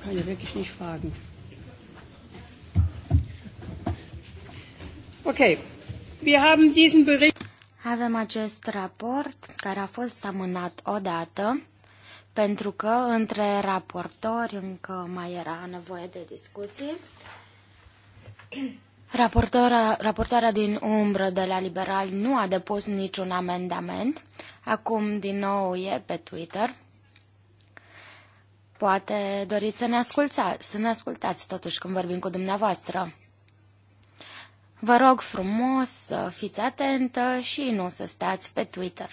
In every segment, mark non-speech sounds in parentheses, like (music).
kann ja wirklich nicht fragen. Okay, wir haben diesen Bericht. Avem acest raport care a fost amânat odată pentru că între raportori încă mai era nevoie de discuții. (clears throat) Raportora, raportoarea din umbră de la Liberali nu a depus niciun amendament. Acum din nou e pe Twitter. Poate doriți să ne, ascultați, să ne ascultați totuși când vorbim cu dumneavoastră. Vă rog frumos să fiți atentă și nu să stați pe Twitter.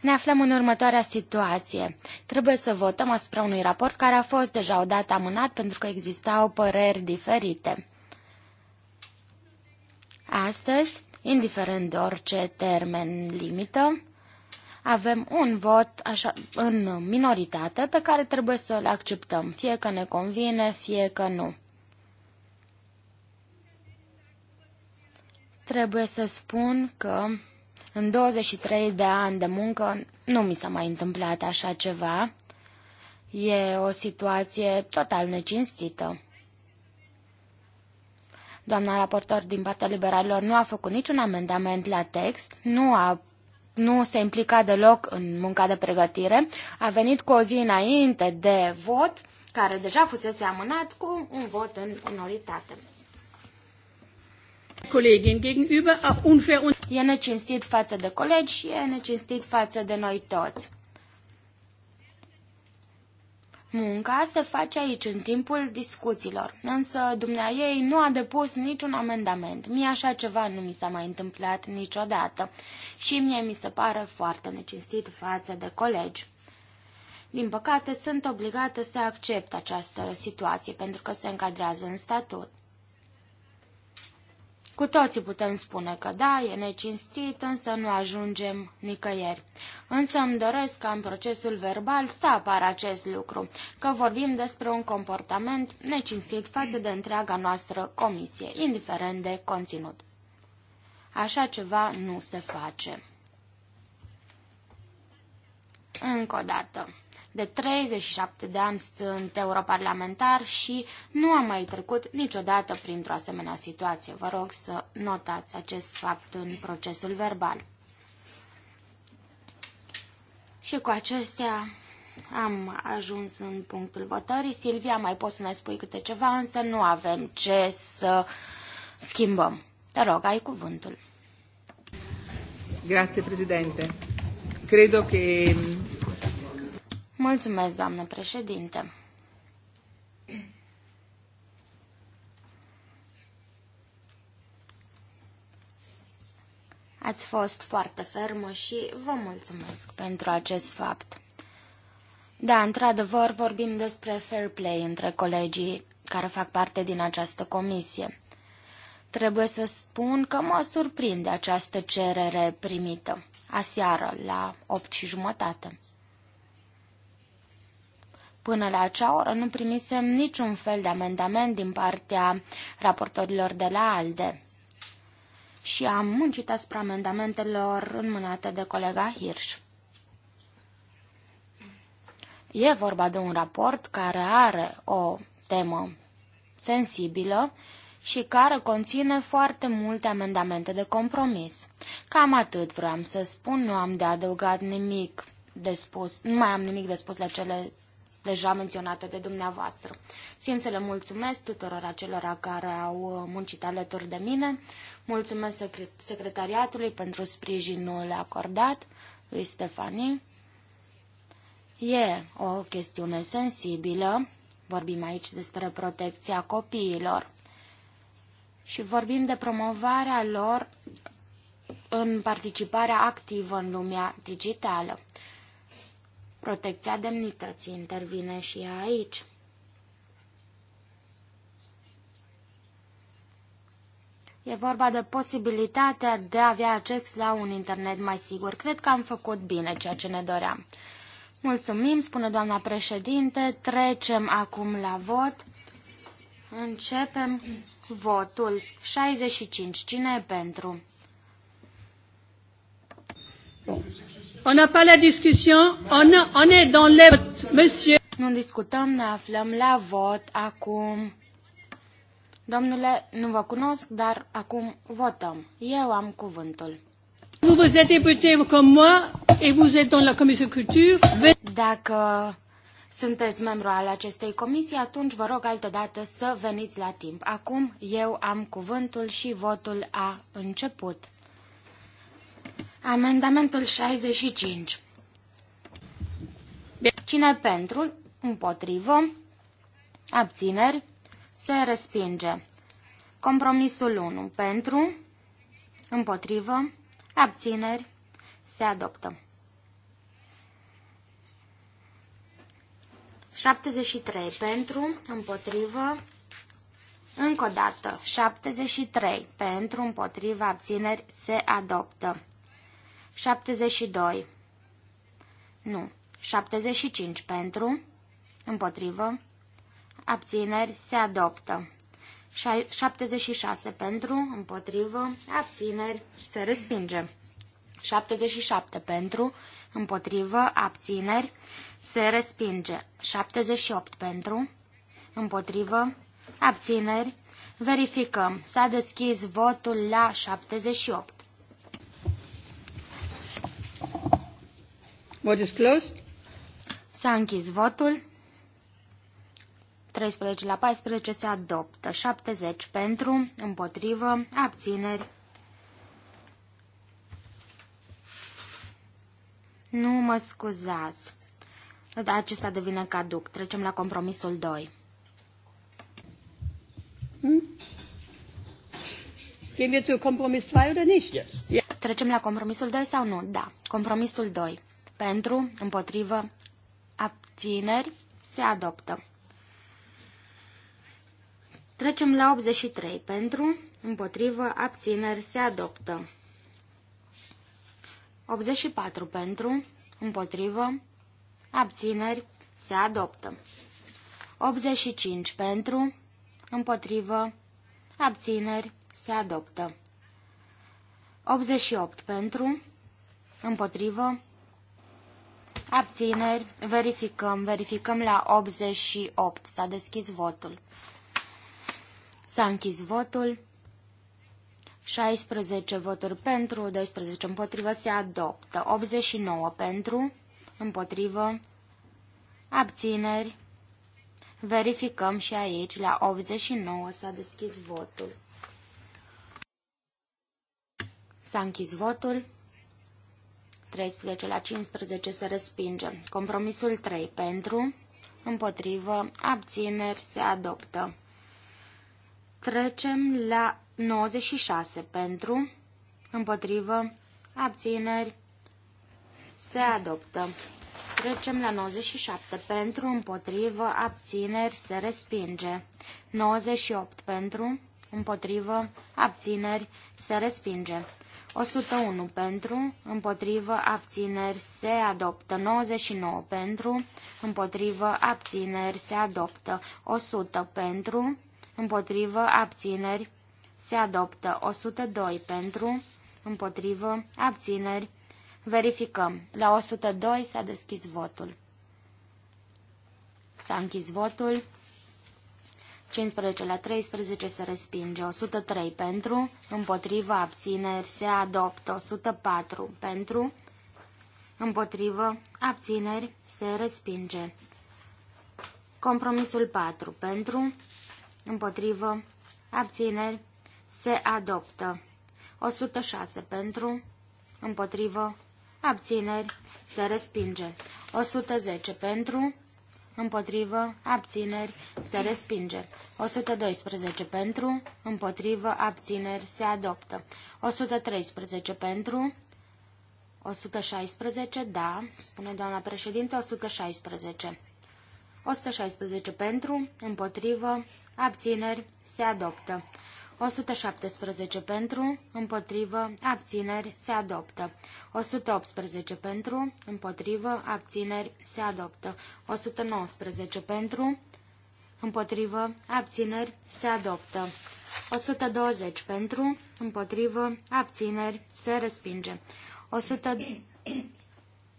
Ne aflăm în următoarea situație. Trebuie să votăm asupra unui raport care a fost deja odată amânat pentru că existau păreri diferite. Astăzi indiferent de orice termen limită. Avem un vot așa, în minoritate pe care trebuie să-l acceptăm, fie că ne convine, fie că nu. Trebuie să spun că în 23 de ani de muncă nu mi s-a mai întâmplat așa ceva. E o situație total necinstită. Doamna raportor din partea liberalilor nu a făcut niciun amendament la text, nu a nu se implica deloc în munca de pregătire, a venit cu o zi înainte de vot, care deja fusese amânat cu un vot în minoritate. gegenüber E necinstit față de colegi, e necinstit față de noi toți. Munca se face aici, în timpul discuțiilor, însă ei nu a depus niciun amendament. Mie așa ceva nu mi s-a mai întâmplat niciodată și mie mi se pare foarte necinstit față de colegi. Din păcate, sunt obligată să accept această situație pentru că se încadrează în statut. Cu toții putem spune că da, e necinstit, însă nu ajungem nicăieri. Însă îmi doresc ca în procesul verbal să apară acest lucru, că vorbim despre un comportament necinstit față de întreaga noastră comisie, indiferent de conținut. Așa ceva nu se face. Încă o dată. De 37 de ani sunt europarlamentar și nu am mai trecut niciodată printr-o asemenea situație. Vă rog să notați acest fapt în procesul verbal. Și cu acestea am ajuns în punctul votării. Silvia, mai poți să ne spui câte ceva, însă nu avem ce să schimbăm. Te rog, ai cuvântul. Grazie, Presidente. Credo che Mulțumesc, doamnă președinte. Ați fost foarte fermă și vă mulțumesc pentru acest fapt. Da, într-adevăr, vorbim despre fair play între colegii care fac parte din această comisie. Trebuie să spun că mă surprinde această cerere primită aseară la opt și jumătate. Până la acea oră nu primisem niciun fel de amendament din partea raportorilor de la ALDE. Și am muncit asupra amendamentelor înmânate de colega Hirsch. E vorba de un raport care are o temă sensibilă și care conține foarte multe amendamente de compromis. Cam atât vreau să spun, nu am de adăugat nimic de spus, nu mai am nimic de spus la cele deja menționate de dumneavoastră. Țin să le mulțumesc tuturor acelora care au muncit alături de mine, mulțumesc secretariatului pentru sprijinul acordat lui Stefanie. E o chestiune sensibilă, vorbim aici despre protecția copiilor și vorbim de promovarea lor în participarea activă în lumea digitală. Protecția demnității intervine și ea aici. E vorba de posibilitatea de a avea acces la un internet mai sigur. Cred că am făcut bine ceea ce ne doream. Mulțumim, spune doamna președinte. Trecem acum la vot. Începem votul. 65. Cine e pentru? On n'a pas la discussion, on, a, on est dans le votes, monsieur. Nu discutăm, ne aflăm la vot acum. Domnule, nu vă cunosc, dar acum votăm. Eu am cuvântul. Vous vous êtes député comme moi et vous êtes dans la commission culture. Dacă sunteți membru al acestei comisii, atunci vă rog altă dată să veniți la timp. Acum eu am cuvântul și votul a început. Amendamentul 65. Cine pentru, împotrivă, abțineri, se respinge. Compromisul 1. Pentru, împotrivă, abțineri, se adoptă. 73. Pentru, împotrivă, încă o dată, 73. Pentru, împotriva, abțineri, se adoptă. 72. Nu. 75 pentru. Împotrivă. Abțineri. Se adoptă. 76 pentru. Împotrivă. Abțineri. Se respinge. 77 pentru. Împotrivă. Abțineri. Se respinge. 78 pentru. Împotrivă. Abțineri. Verificăm. S-a deschis votul la 78. Vot is closed. S-a închis votul. 13 la 14 se adoptă. 70 pentru, împotrivă, abțineri. Nu mă scuzați. Acesta devine caduc. Trecem la compromisul 2. Hmm? Gehen wir zu Kompromiss 2 oder nicht? Yes. Yeah. Trecem la compromisul 2 sau nu? Da. Compromisul 2 pentru, împotrivă, abțineri, se adoptă. Trecem la 83. Pentru, împotrivă, abțineri, se adoptă. 84. Pentru, împotrivă, abțineri, se adoptă. 85. Pentru, împotrivă, abțineri, se adoptă. 88. Pentru, împotrivă, Abțineri. Verificăm. Verificăm la 88. S-a deschis votul. S-a închis votul. 16 voturi pentru, 12 împotrivă, se adoptă. 89 pentru, împotrivă, abțineri. Verificăm și aici, la 89 s-a deschis votul. S-a închis votul. 13 la 15 se respinge. Compromisul 3 pentru, împotrivă, abțineri se adoptă. Trecem la 96 pentru, împotrivă, abțineri se adoptă. Trecem la 97 pentru, împotrivă, abțineri se respinge. 98 pentru, împotrivă, abțineri se respinge. 101 pentru, împotrivă, abțineri, se adoptă. 99 pentru, împotrivă, abțineri, se adoptă. 100 pentru, împotrivă, abțineri, se adoptă. 102 pentru, împotrivă, abțineri. Verificăm. La 102 s-a deschis votul. S-a închis votul. 15 la 13 se respinge, 103 pentru, împotrivă, abțineri, se adoptă, 104 pentru, împotrivă, abțineri, se respinge. Compromisul 4 pentru, împotrivă, abțineri, se adoptă. 106 pentru, împotrivă, abțineri, se respinge. 110 pentru, împotrivă, abțineri, se respinge. 112 pentru, împotrivă, abțineri, se adoptă. 113 pentru, 116, da, spune doamna președinte, 116. 116 pentru, împotrivă, abțineri, se adoptă. 117 pentru, împotrivă, abțineri, se adoptă. 118 pentru, împotrivă, abțineri, se adoptă. 119 pentru, împotrivă, abțineri, se adoptă. 120 pentru, împotrivă, abțineri, se respinge. 100...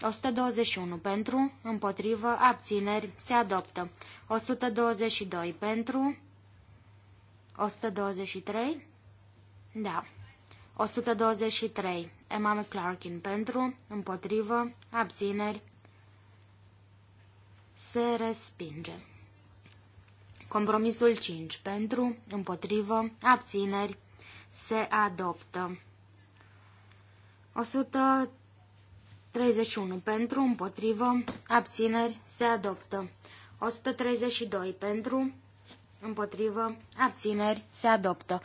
121 pentru, împotrivă, abțineri, se adoptă. 122 pentru, 123? Da. 123. Emma McClarkin pentru, împotrivă, abțineri, se respinge. Compromisul 5. Pentru, împotrivă, abțineri, se adoptă. 131. Pentru, împotrivă, abțineri, se adoptă. 132. Pentru, împotrivă, abțineri, se adoptă.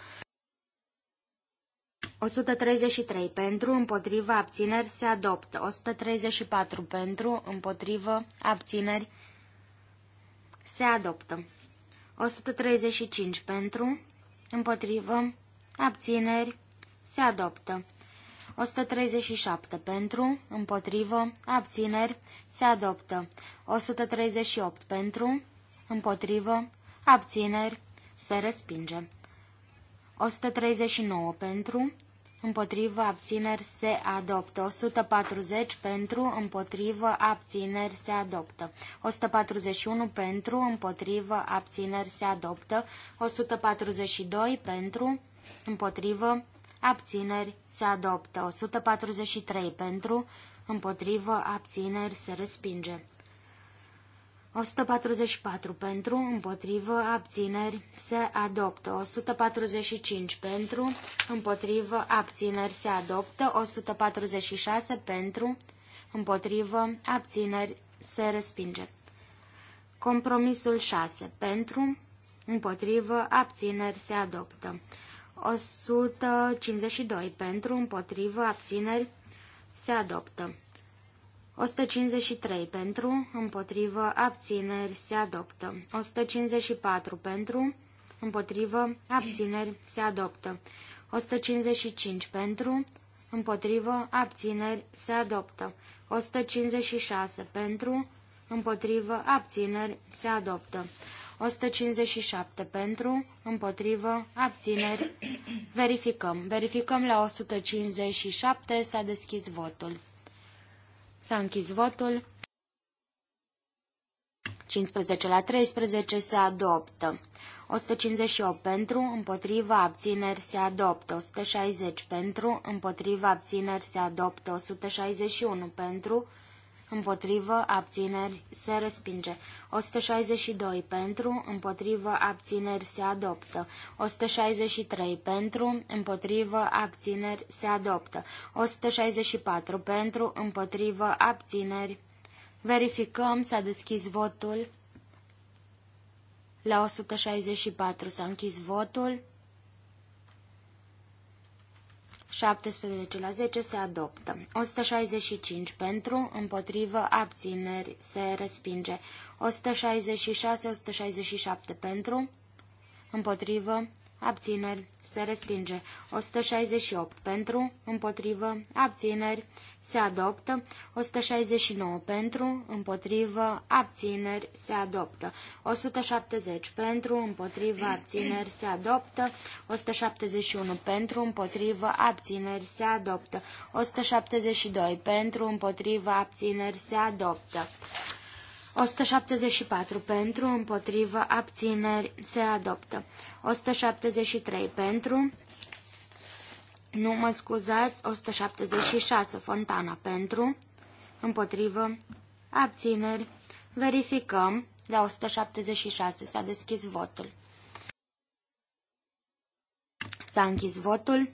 133 pentru, împotrivă, abțineri, se adoptă. 134 pentru, împotrivă, abțineri, se adoptă. 135 pentru, împotrivă, abțineri, se adoptă. 137 pentru, împotrivă, abțineri, se adoptă. 138 pentru, împotrivă, abțineri, se respinge. 139 pentru, împotrivă, abțineri, se adoptă. 140 pentru, împotrivă, abțineri, se adoptă. 141 pentru, împotrivă, abțineri, se adoptă. 142 pentru, împotrivă, abțineri, se adoptă. 143 pentru, împotrivă, abțineri, se respinge. 144 pentru, împotrivă, abțineri, se adoptă. 145 pentru, împotrivă, abțineri, se adoptă. 146 pentru, împotrivă, abțineri, se respinge. Compromisul 6 pentru, împotrivă, abțineri, se adoptă. 152 pentru, împotrivă, abțineri, se adoptă. 153 pentru, împotrivă, abțineri, se adoptă. 154 pentru, împotrivă, abțineri, se adoptă. 155 pentru, împotrivă, abțineri, se adoptă. 156 pentru, împotrivă, abțineri, se adoptă. 157 pentru, împotrivă, abțineri, verificăm. Verificăm la 157, s-a deschis votul. S-a închis votul. 15 la 13 se adoptă. 158 pentru, împotriva abțineri se adoptă, 160 pentru, împotriva abțineri se adoptă, 161 pentru, împotrivă, abțineri, se respinge. 162 pentru, împotrivă, abțineri, se adoptă. 163 pentru, împotrivă, abțineri, se adoptă. 164 pentru, împotrivă, abțineri. Verificăm, s-a deschis votul. La 164 s-a închis votul. 17 la 10 se adoptă. 165 pentru, împotrivă, abțineri, se respinge. 166-167 pentru, împotrivă, abțineri, se respinge. 168 pentru, împotrivă, abțineri, se adoptă. 169 pentru, împotrivă, abțineri, se adoptă. 170 pentru, împotrivă, abțineri, se adoptă. 171 pentru, împotrivă, abțineri, se adoptă. 172 pentru, împotrivă, abțineri, se adoptă. 174 pentru, împotrivă, abțineri, se adoptă. 173 pentru, nu mă scuzați, 176 Fontana pentru, împotrivă, abțineri, verificăm, la 176 s-a deschis votul. S-a închis votul.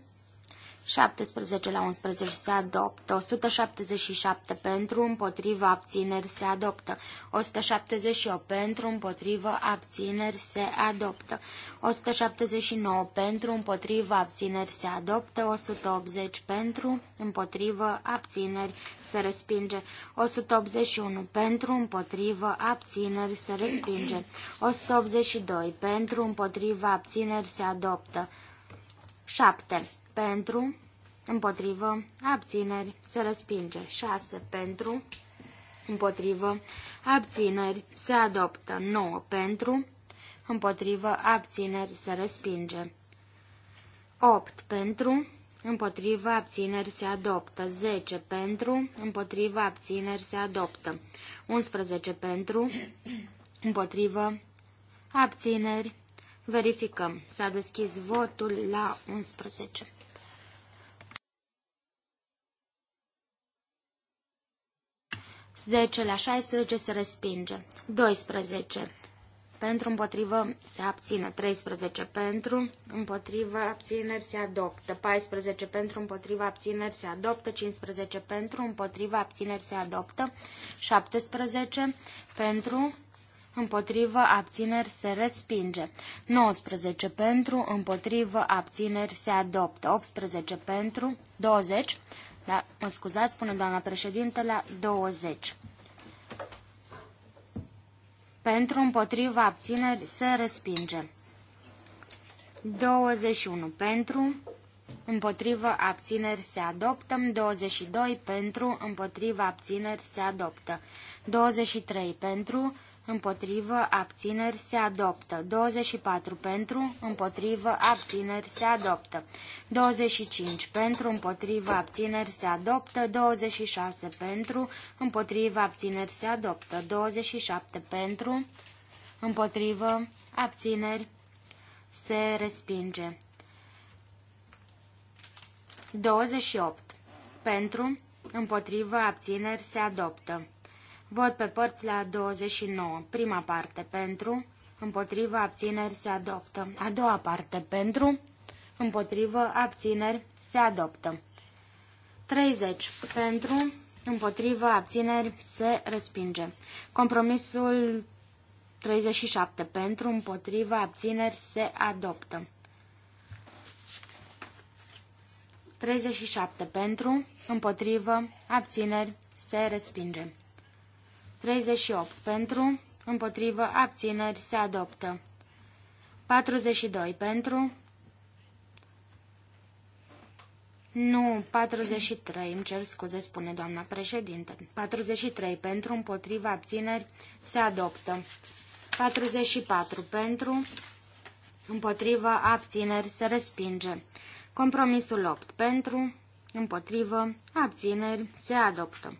17 la 11 se adoptă, 177 pentru, împotrivă, abțineri se adoptă, 178 pentru, împotrivă, abțineri se adoptă, 179 pentru, împotrivă, abțineri se adoptă, 180 pentru, împotrivă, abțineri se respinge, 181 pentru, împotrivă, abțineri se respinge, 182 pentru, împotrivă, abțineri se adoptă, 7 pentru, împotrivă, abțineri, se respinge. 6 pentru, împotrivă, abțineri, se adoptă. 9 pentru, împotrivă, abțineri, se respinge. 8 pentru, împotrivă, abțineri se adoptă, 10 pentru, împotrivă, abțineri se adoptă, 11 pentru, împotrivă, abțineri, verificăm, s-a deschis votul la 11. 10 la 16 se respinge. 12 pentru împotrivă se abține. 13 pentru împotrivă abțineri se adoptă. 14 pentru împotrivă abțineri se adoptă. 15 pentru împotrivă abțineri se adoptă. 17 pentru împotrivă abțineri se respinge. 19 pentru împotrivă abțineri se adoptă. 18 pentru 20 la, da, mă scuzați, spune doamna președinte, la 20. Pentru împotriva abțineri se respinge. 21 pentru, împotriva abțineri se adoptă, 22 pentru, împotriva abțineri se adoptă, 23 pentru, împotrivă, abțineri, se adoptă. 24 pentru, împotrivă, abțineri, se adoptă. 25 pentru, împotrivă, abțineri, se adoptă. 26 pentru, împotrivă, abțineri, se adoptă. 27 pentru, împotrivă, abțineri, se respinge. 28 pentru, împotrivă, abțineri, se adoptă. Vot pe părți la 29. Prima parte pentru, împotriva abțineri se adoptă. A doua parte pentru, împotrivă abțineri se adoptă. 30. Pentru, împotrivă abțineri se respinge. Compromisul 37. Pentru, împotrivă abțineri se adoptă. 37. Pentru, împotrivă, abțineri, se respinge. 38. Pentru, împotrivă, abțineri, se adoptă. 42. Pentru, nu, 43, îmi cer scuze, spune doamna președinte. 43 pentru, împotriva abțineri, se adoptă. 44 pentru, împotriva abțineri, se respinge. Compromisul 8 pentru, împotrivă, abțineri, se adoptă.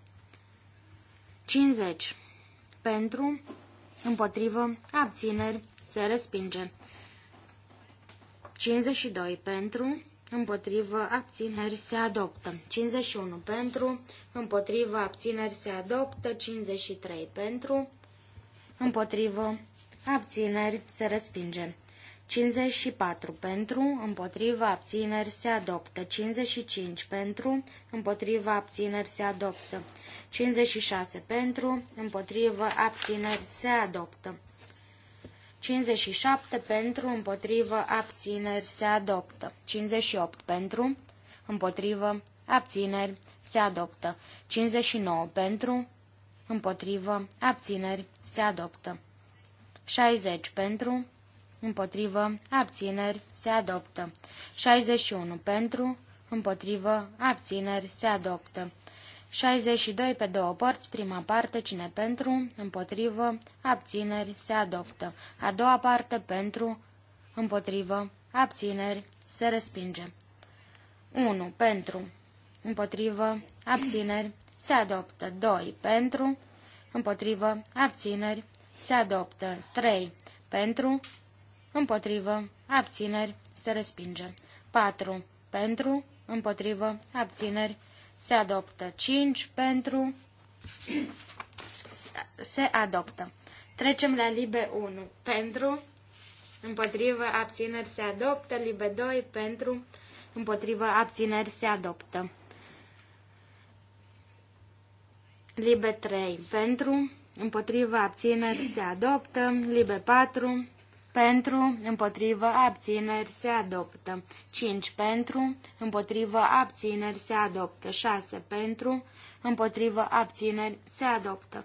50. Pentru, împotrivă, abțineri, se respinge. 52. Pentru, împotrivă, abțineri, se adoptă. 51. Pentru, împotrivă, abțineri, se adoptă. 53. Pentru, împotrivă, abțineri, se respinge. 54 pentru, împotriva abțineri se adoptă. 55 pentru, împotriva abțineri se adoptă. 56 pentru, împotriva abțineri se adoptă. 57 pentru, împotrivă, abțineri, se adoptă. 58 pentru, împotrivă, abțineri, se adoptă. 59 pentru, împotrivă, abțineri, se adoptă. 60 pentru, împotrivă, abțineri, se adoptă. 61 pentru, împotrivă, abțineri, se adoptă. 62 pe două părți, prima parte, cine pentru, împotrivă, abțineri, se adoptă. A doua parte, pentru, împotrivă, abțineri, se respinge. 1. Pentru, împotrivă, abțineri, se adoptă. 2. Pentru, împotrivă, abțineri, se adoptă. 3. Pentru, împotrivă, abțineri, se respinge. 4. Pentru, împotrivă, abțineri, se adoptă. 5. Pentru, se adoptă. Trecem la libe 1. Pentru, împotrivă, abțineri, se adoptă. Libe 2. Pentru, împotrivă, abțineri, se adoptă. Libe 3. Pentru, împotrivă, abțineri, se adoptă. Libe 4 pentru, împotrivă, abțineri se adoptă. 5 pentru, împotrivă, abțineri se adoptă. 6 pentru, împotrivă, abțineri se adoptă.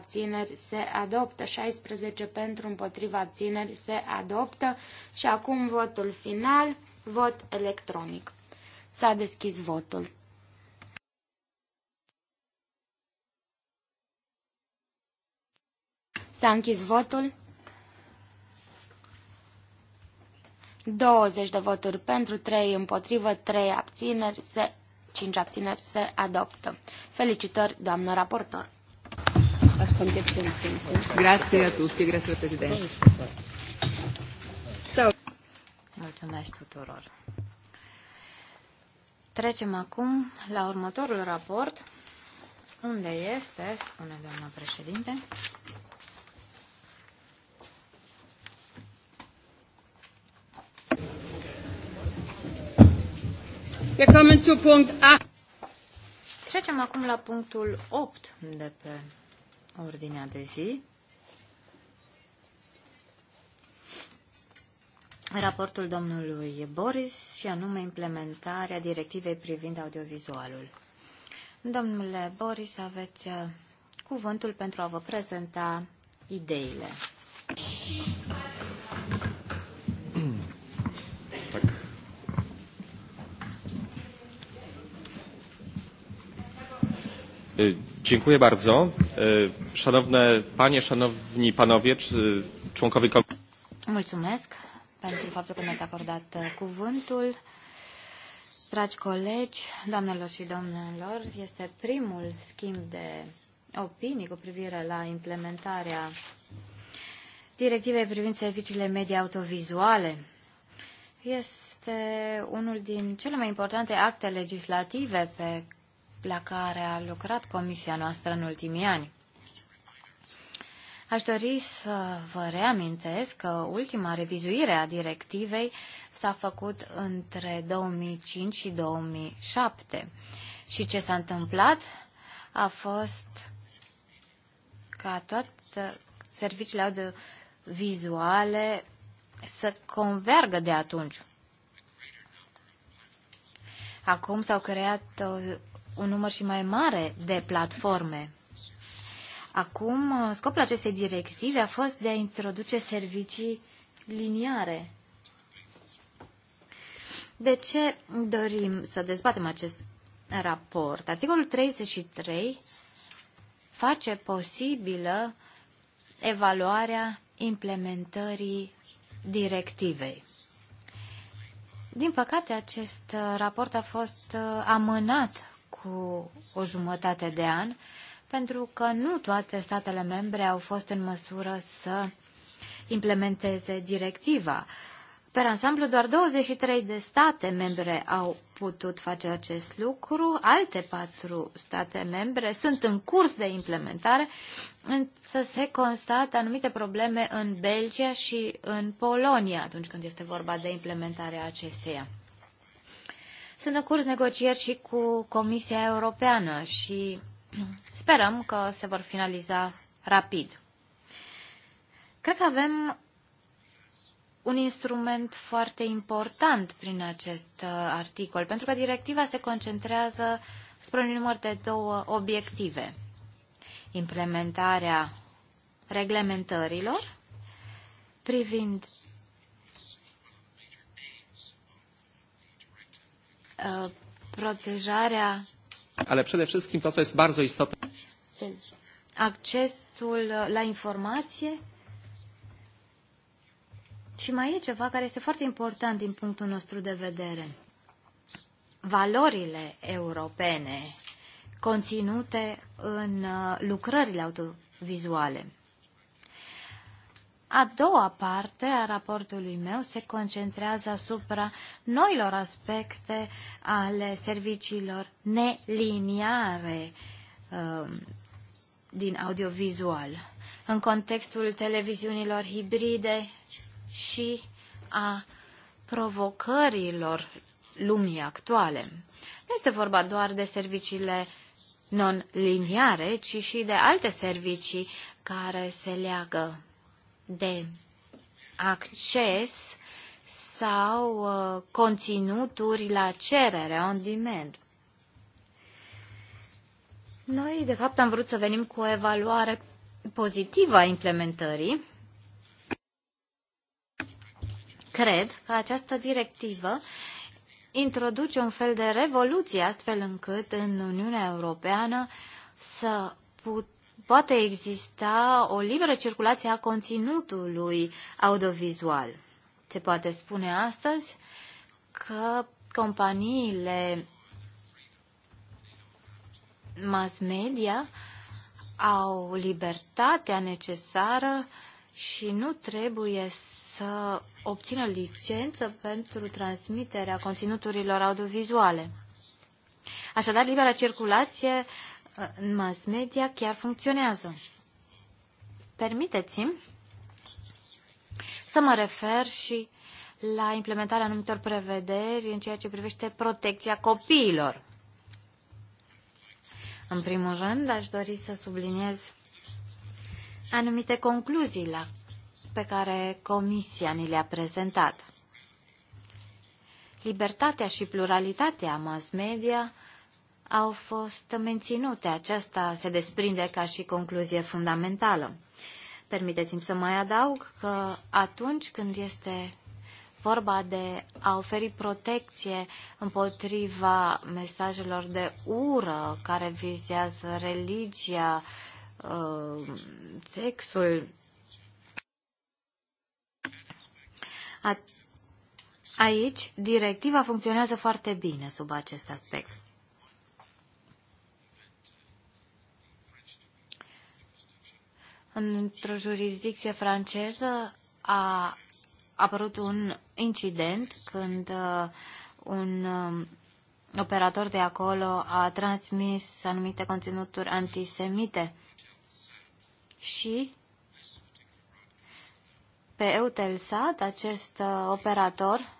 abțineri, se adoptă. 16 pentru, împotriva abțineri, se adoptă. Și acum votul final, vot electronic. S-a deschis votul. S-a închis votul. 20 de voturi pentru, 3 împotrivă, 3 abțineri, se, 5 abțineri se adoptă. Felicitări, doamnă raportor! Grazie a tutti, grazie al Presidente. Mulțumesc tuturor. Trecem acum la următorul raport. Unde este, spune doamna președinte, Trecem acum la punctul 8 de pe ordinea de zi. Raportul domnului Boris și anume implementarea directivei privind audiovizualul. Domnule Boris, aveți uh, cuvântul pentru a vă prezenta ideile. Dziękuję bardzo. Szanowne panie, szanowni panowie, członkowie komisji. Mulțumesc pentru faptul că mi-ați acordat cuvântul. Dragi colegi, doamnelor și domnilor, este primul schimb de opinii cu privire la implementarea directivei privind serviciile media autovizuale. Este unul din cele mai importante acte legislative pe la care a lucrat comisia noastră în ultimii ani. Aș dori să vă reamintesc că ultima revizuire a directivei s-a făcut între 2005 și 2007. Și ce s-a întâmplat a fost ca toate serviciile audio-vizuale să convergă de atunci. Acum s-au creat o un număr și mai mare de platforme. Acum, uh, scopul acestei directive a fost de a introduce servicii liniare. De ce dorim să dezbatem acest raport? Articolul 33 face posibilă evaluarea implementării directivei. Din păcate, acest raport a fost uh, amânat cu o jumătate de an, pentru că nu toate statele membre au fost în măsură să implementeze directiva. Per ansamblu, doar 23 de state membre au putut face acest lucru, alte patru state membre sunt în curs de implementare, însă se constată anumite probleme în Belgia și în Polonia atunci când este vorba de implementarea acesteia. Sunt în curs negocieri și cu Comisia Europeană și (clears throat) sperăm că se vor finaliza rapid. Cred că avem un instrument foarte important prin acest uh, articol, pentru că directiva se concentrează spre un număr de două obiective. Implementarea reglementărilor privind Uh, protejarea ale przede wszystkim to, co jest bardzo istotne. Deci, accesul uh, la informație. Și mai e ceva care este foarte important din punctul nostru de vedere. Valorile europene conținute în uh, lucrările autovizuale. A doua parte a raportului meu se concentrează asupra noilor aspecte ale serviciilor neliniare um, din audiovizual, în contextul televiziunilor hibride și a provocărilor lumii actuale. Nu este vorba doar de serviciile non-liniare, ci și de alte servicii care se leagă de acces sau uh, conținuturi la cerere on demand. Noi, de fapt, am vrut să venim cu o evaluare pozitivă a implementării. Cred că această directivă introduce un fel de revoluție astfel încât în Uniunea Europeană să putem poate exista o liberă circulație a conținutului audiovizual. Se poate spune astăzi că companiile mass media au libertatea necesară și nu trebuie să obțină licență pentru transmiterea conținuturilor audiovizuale. Așadar, libera circulație Ă, în mass media chiar funcționează. Permiteți-mi să mă refer și la implementarea anumitor prevederi în ceea ce privește protecția copiilor. În primul rând, aș dori să subliniez anumite concluzii la, pe care Comisia ni le-a prezentat. Libertatea și pluralitatea mass media au fost menținute. Aceasta se desprinde ca și concluzie fundamentală. Permiteți-mi să mai adaug că atunci când este vorba de a oferi protecție împotriva mesajelor de ură care vizează religia, uh, sexul, aici directiva funcționează foarte bine sub acest aspect. într-o jurisdicție franceză a apărut un incident când uh, un um, operator de acolo a transmis anumite conținuturi antisemite și pe Eutelsat acest uh, operator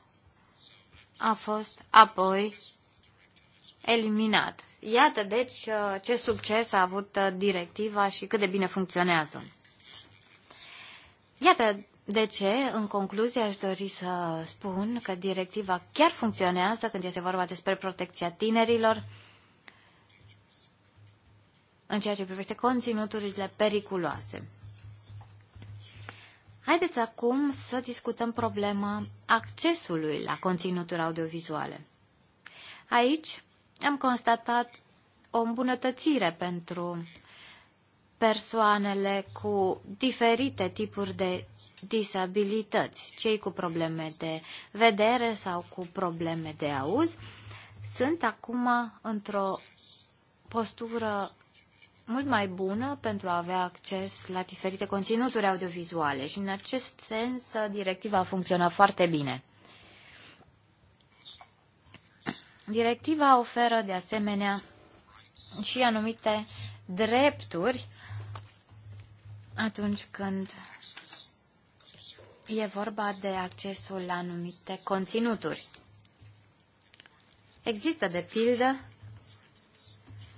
a fost apoi eliminat. Iată, deci, uh, ce succes a avut uh, directiva și cât de bine funcționează. Iată de ce, în concluzie, aș dori să spun că directiva chiar funcționează când este vorba despre protecția tinerilor, în ceea ce privește conținuturile periculoase. Haideți acum să discutăm problema accesului la conținuturi audiovizuale. Aici am constatat o îmbunătățire pentru persoanele cu diferite tipuri de disabilități, cei cu probleme de vedere sau cu probleme de auz, sunt acum într-o postură mult mai bună pentru a avea acces la diferite conținuturi audiovizuale și în acest sens directiva a funcționat foarte bine. Directiva oferă de asemenea și anumite drepturi atunci când e vorba de accesul la anumite conținuturi. Există, de pildă,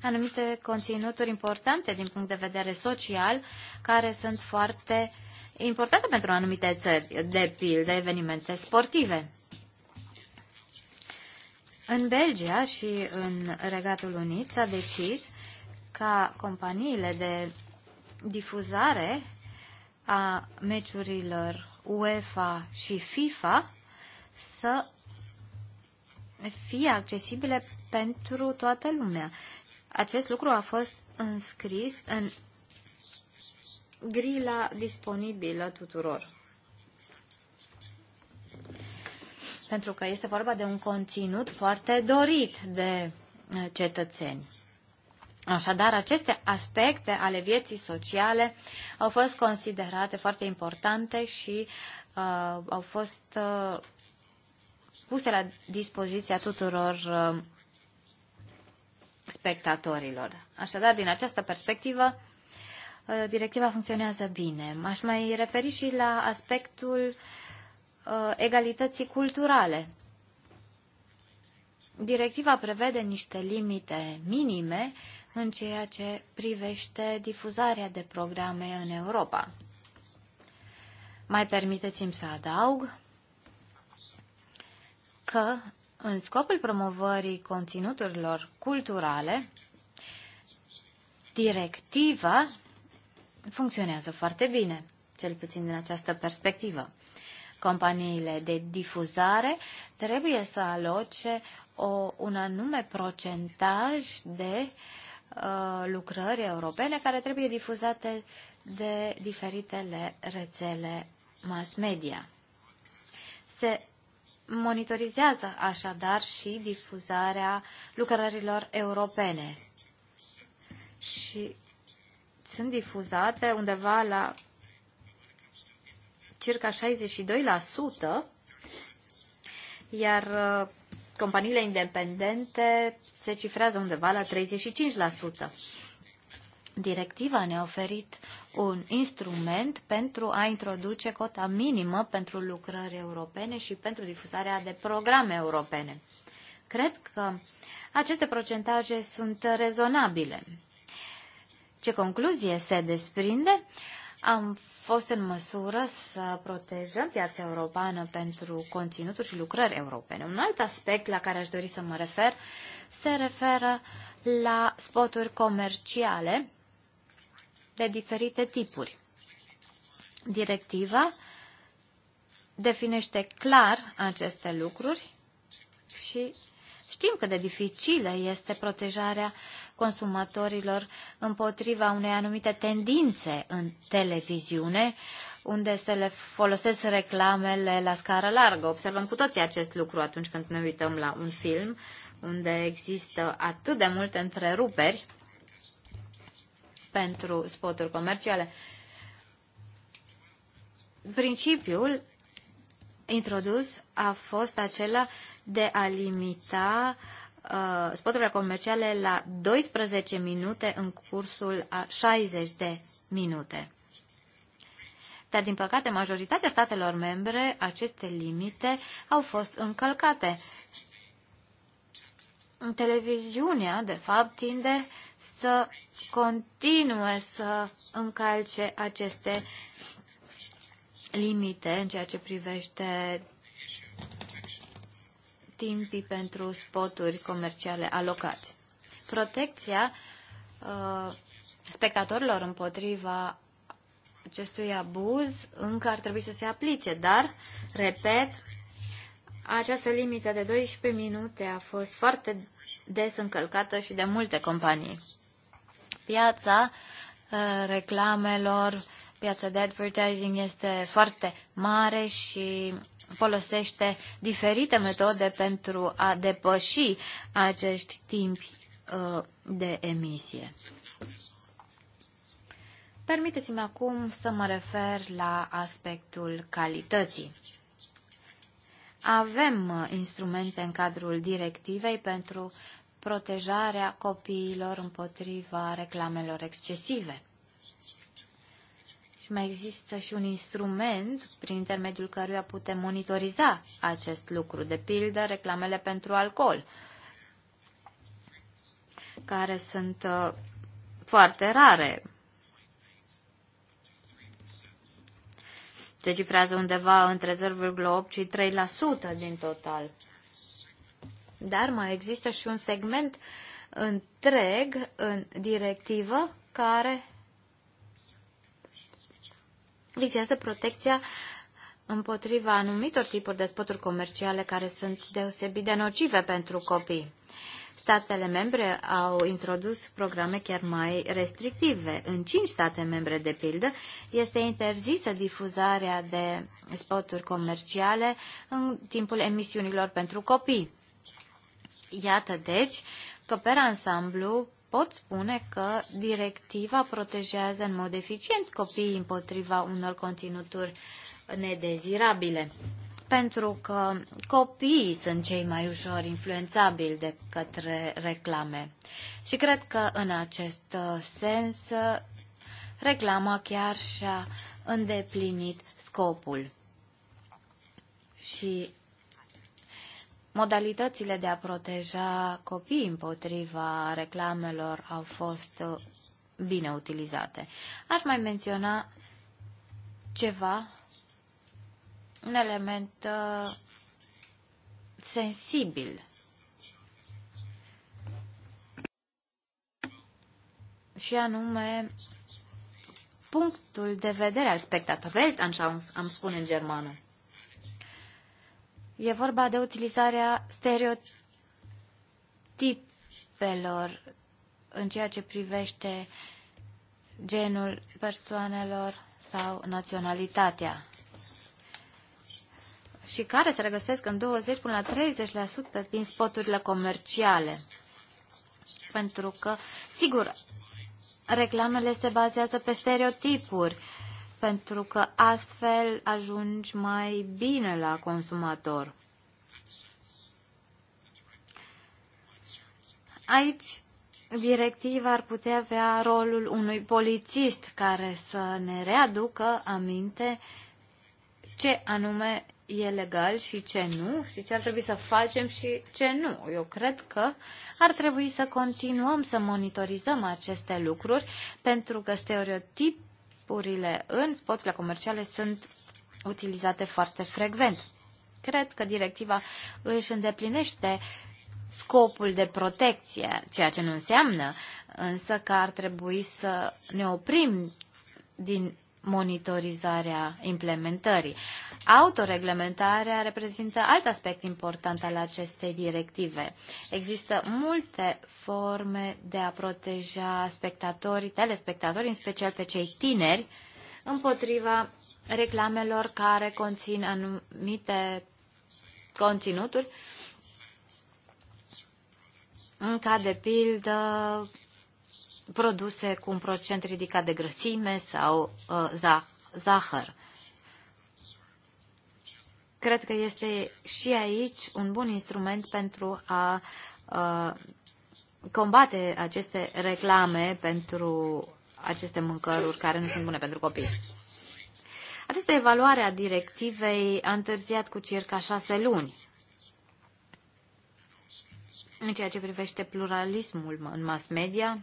anumite conținuturi importante din punct de vedere social, care sunt foarte importante pentru anumite țări, de pildă evenimente sportive. În Belgia și în Regatul Unit s-a decis ca companiile de difuzare a meciurilor UEFA și FIFA să fie accesibile pentru toată lumea. Acest lucru a fost înscris în grila disponibilă tuturor. pentru că este vorba de un conținut foarte dorit de eh, cetățeni. Așadar, aceste aspecte ale vieții sociale au fost considerate foarte importante și uh, au fost uh, puse la dispoziția tuturor uh, spectatorilor. Așadar, din această perspectivă, uh, directiva funcționează bine. M Aș mai referi și la aspectul uh, Uh, egalității culturale. Directiva prevede niște limite minime în ceea ce privește difuzarea de programe în Europa. Mai permiteți-mi să adaug că, în scopul promovării conținuturilor culturale, directiva funcționează foarte bine, cel puțin din această perspectivă companiile de difuzare, trebuie să aloce o, un anume procentaj de uh, lucrări europene care trebuie difuzate de diferitele rețele mass media. Se monitorizează așadar și difuzarea lucrărilor europene și sunt difuzate undeva la circa 62%, iar uh, companiile independente se cifrează undeva la 35%. Directiva ne-a oferit un instrument pentru a introduce cota minimă pentru lucrări europene și pentru difuzarea de programe europene. Cred că aceste procentaje sunt rezonabile. Ce concluzie se desprinde? Am fost în măsură să protejăm piața europeană pentru conținuturi și lucrări europene. Un alt aspect la care aș dori să mă refer se referă la spoturi comerciale de diferite tipuri. Directiva definește clar aceste lucruri și știm cât de dificilă este protejarea consumatorilor împotriva unei anumite tendințe în televiziune, unde se le folosesc reclamele la scară largă. Observăm cu toții acest lucru atunci când ne uităm la un film, unde există atât de multe întreruperi pentru spoturi comerciale. Principiul introdus a fost acela de a limita uh, spoturile comerciale la 12 minute în cursul a 60 de minute. Dar, din păcate, majoritatea statelor membre, aceste limite au fost încălcate. Televiziunea, de fapt, tinde să continue să încalce aceste limite în ceea ce privește timpii pentru spoturi comerciale alocați. Protecția uh, spectatorilor împotriva acestui abuz încă ar trebui să se aplice, dar, repet, această limită de 12 minute a fost foarte des încălcată și de multe companii. Piața uh, reclamelor Piața de advertising este foarte mare și folosește diferite metode pentru a depăși acești timpi uh, de emisie. Permiteți-mi acum să mă refer la aspectul calității. Avem uh, instrumente în cadrul directivei pentru protejarea copiilor împotriva reclamelor excesive mai există și un instrument prin intermediul căruia putem monitoriza acest lucru, de pildă reclamele pentru alcool, care sunt uh, foarte rare. Se cifrează undeva între 0,8 și 3% din total. Dar mai există și un segment întreg în directivă care vizează protecția împotriva anumitor tipuri de spoturi comerciale care sunt deosebit de nocive pentru copii. Statele membre au introdus programe chiar mai restrictive. În cinci state membre, de pildă, este interzisă difuzarea de spoturi comerciale în timpul emisiunilor pentru copii. Iată, deci, că pe ansamblu pot spune că directiva protejează în mod eficient copiii împotriva unor conținuturi nedezirabile. Pentru că copiii sunt cei mai ușor influențabili de către reclame. Și cred că în acest uh, sens uh, reclama chiar și-a îndeplinit scopul. Și modalitățile de a proteja copiii împotriva reclamelor au fost uh, bine utilizate. Aș mai menționa ceva, un element uh, sensibil. Și anume punctul de vedere al spectatorului, Welt, așa am spune în germană. E vorba de utilizarea stereotipelor în ceea ce privește genul persoanelor sau naționalitatea și care se regăsesc în 20 până la 30% din spoturile comerciale. Pentru că, sigur, reclamele se bazează pe stereotipuri pentru că astfel ajungi mai bine la consumator. Aici, directiva ar putea avea rolul unui polițist care să ne readucă aminte ce anume e legal și ce nu și ce ar trebui să facem și ce nu. Eu cred că ar trebui să continuăm să monitorizăm aceste lucruri pentru că stereotip Mărfurile în spoturile comerciale sunt utilizate foarte frecvent. Cred că directiva își îndeplinește scopul de protecție, ceea ce nu înseamnă însă că ar trebui să ne oprim din monitorizarea implementării. Autoreglementarea reprezintă alt aspect important al acestei directive. Există multe forme de a proteja spectatorii, telespectatorii, în special pe cei tineri, împotriva reclamelor care conțin anumite conținuturi, ca de pildă produse cu un procent ridicat de grăsime sau uh, zahăr. Cred că este și aici un bun instrument pentru a uh, combate aceste reclame pentru aceste mâncăruri care nu sunt bune pentru copii. Această evaluare a directivei a întârziat cu circa șase luni în ceea ce privește pluralismul în mass media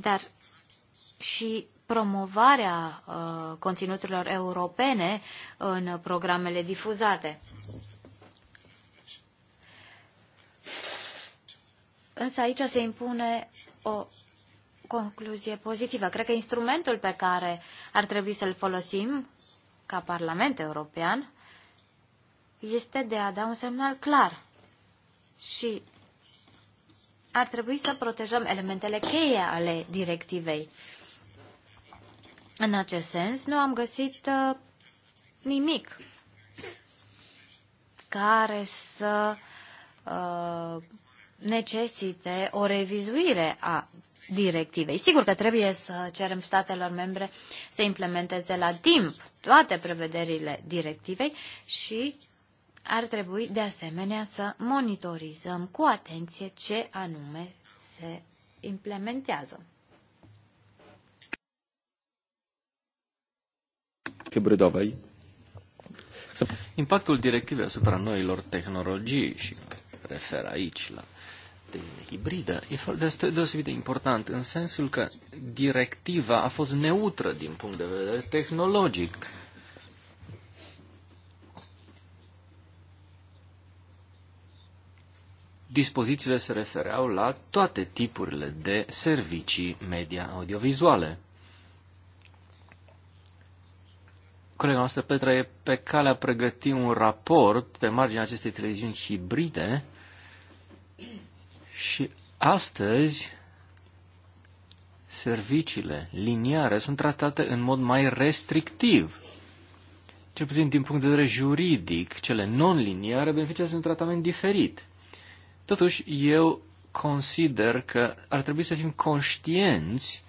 dar și promovarea uh, conținuturilor europene în programele difuzate. Însă aici se impune o concluzie pozitivă. Cred că instrumentul pe care ar trebui să-l folosim ca Parlament European este de a da un semnal clar și ar trebui să protejăm elementele cheie ale directivei. În acest sens, nu am găsit uh, nimic care să uh, necesite o revizuire a directivei. Sigur că trebuie să cerem statelor membre să implementeze la timp toate prevederile directivei și ar trebui de asemenea să monitorizăm cu atenție ce anume se implementează. Hybrydowej. Impactul directivei asupra noilor tehnologii și refer aici la tehnologie hibridă este deosebit de important în sensul că directiva a fost neutră din punct de vedere tehnologic dispozițiile se refereau la toate tipurile de servicii media audiovizuale. Colega noastră, Petra, e pe calea pregăti un raport pe marginea acestei televiziuni hibride și astăzi serviciile liniare sunt tratate în mod mai restrictiv. Cel puțin din punct de vedere juridic, cele non-liniare beneficiază de un tratament diferit. Totuși, eu consider că ar trebui să fim conștienți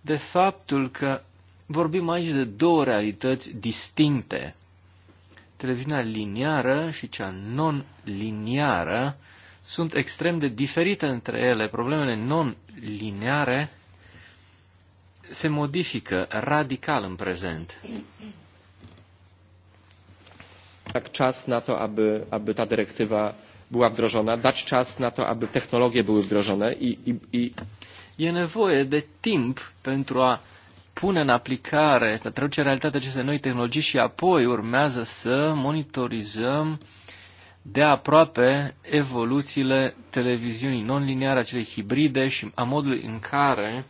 de faptul că vorbim aici de două realități distincte. Televiziunea liniară și cea non-liniară sunt extrem de diferite între ele. Problemele non-liniare se modifică radical în prezent. Tak czas na to, aby, aby ta dyrektywa była wdrożona, dać czas na to, aby technologie były wdrożone i, i, i... E nevoie de timp pentru a pune în aplicare, să traduce în realitate aceste noi tehnologii și apoi urmează să monitorizăm de aproape evoluțiile televiziunii non-lineare, acele hibride și a modului în care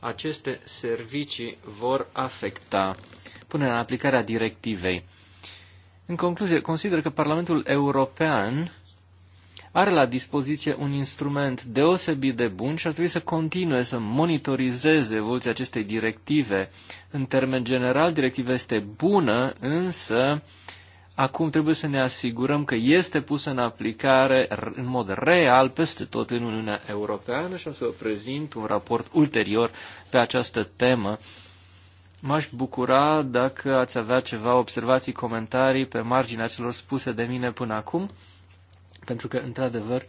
aceste servicii vor afecta punerea în aplicare a directivei. În concluzie, consider că Parlamentul European are la dispoziție un instrument deosebit de bun și ar trebui să continue să monitorizeze evoluția acestei directive. În termen general, directiva este bună, însă acum trebuie să ne asigurăm că este pusă în aplicare în mod real peste tot în Uniunea Europeană și o să vă prezint un raport ulterior pe această temă. M-aș bucura dacă ați avea ceva observații, comentarii pe marginea celor spuse de mine până acum pentru că, într-adevăr,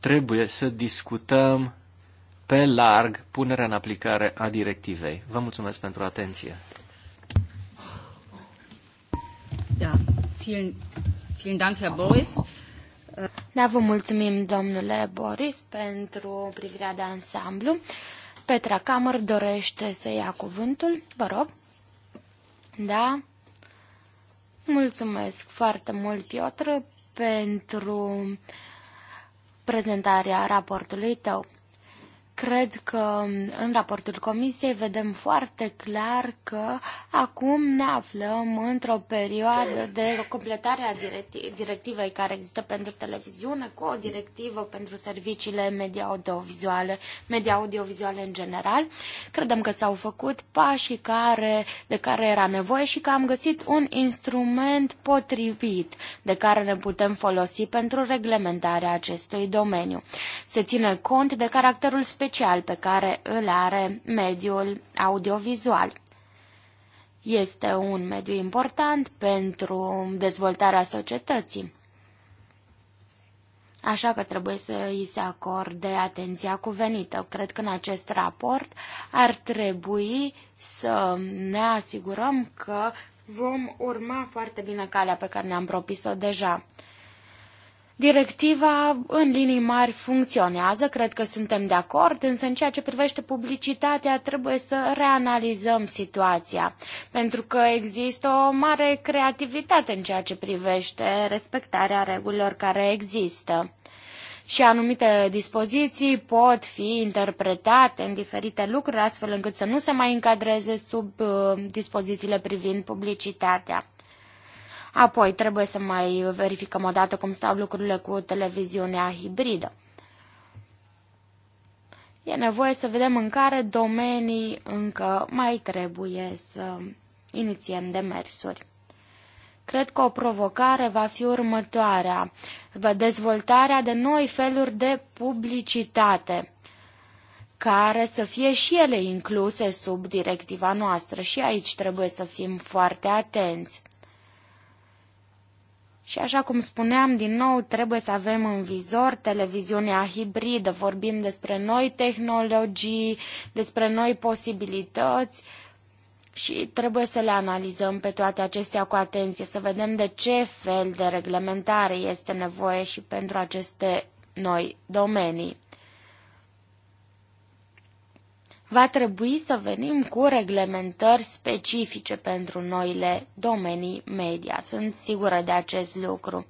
trebuie să discutăm pe larg punerea în aplicare a directivei. Vă mulțumesc pentru atenție. Da, vielen, vielen Dank, Herr Boris. Da, vă mulțumim, domnule Boris, pentru privirea de ansamblu. Petra Camăr dorește să ia cuvântul. Vă rog. Da. Mulțumesc foarte mult, Piotr, pentru prezentarea raportului tău. Cred că în raportul comisiei vedem foarte clar că acum ne aflăm într-o perioadă de completare a directivei care există pentru televiziune cu o directivă pentru serviciile media audiovizuale, media audiovizuale în general. Credem că s-au făcut pașii care, de care era nevoie și că am găsit un instrument potrivit de care ne putem folosi pentru reglementarea acestui domeniu. Se ține cont de caracterul special special pe care îl are mediul audiovizual. Este un mediu important pentru dezvoltarea societății. Așa că trebuie să îi se acorde atenția cuvenită. Cred că în acest raport ar trebui să ne asigurăm că vom urma foarte bine calea pe care ne-am propis-o deja. Directiva în linii mari funcționează, cred că suntem de acord, însă în ceea ce privește publicitatea trebuie să reanalizăm situația, pentru că există o mare creativitate în ceea ce privește respectarea regulilor care există și anumite dispoziții pot fi interpretate în diferite lucruri, astfel încât să nu se mai încadreze sub uh, dispozițiile privind publicitatea. Apoi trebuie să mai verificăm o dată cum stau lucrurile cu televiziunea hibridă. E nevoie să vedem în care domenii încă mai trebuie să inițiem demersuri. Cred că o provocare va fi următoarea, dezvoltarea de noi feluri de publicitate, care să fie și ele incluse sub directiva noastră și aici trebuie să fim foarte atenți. Și așa cum spuneam, din nou, trebuie să avem în vizor televiziunea hibridă. Vorbim despre noi tehnologii, despre noi posibilități și trebuie să le analizăm pe toate acestea cu atenție, să vedem de ce fel de reglementare este nevoie și pentru aceste noi domenii va trebui să venim cu reglementări specifice pentru noile domenii media. Sunt sigură de acest lucru.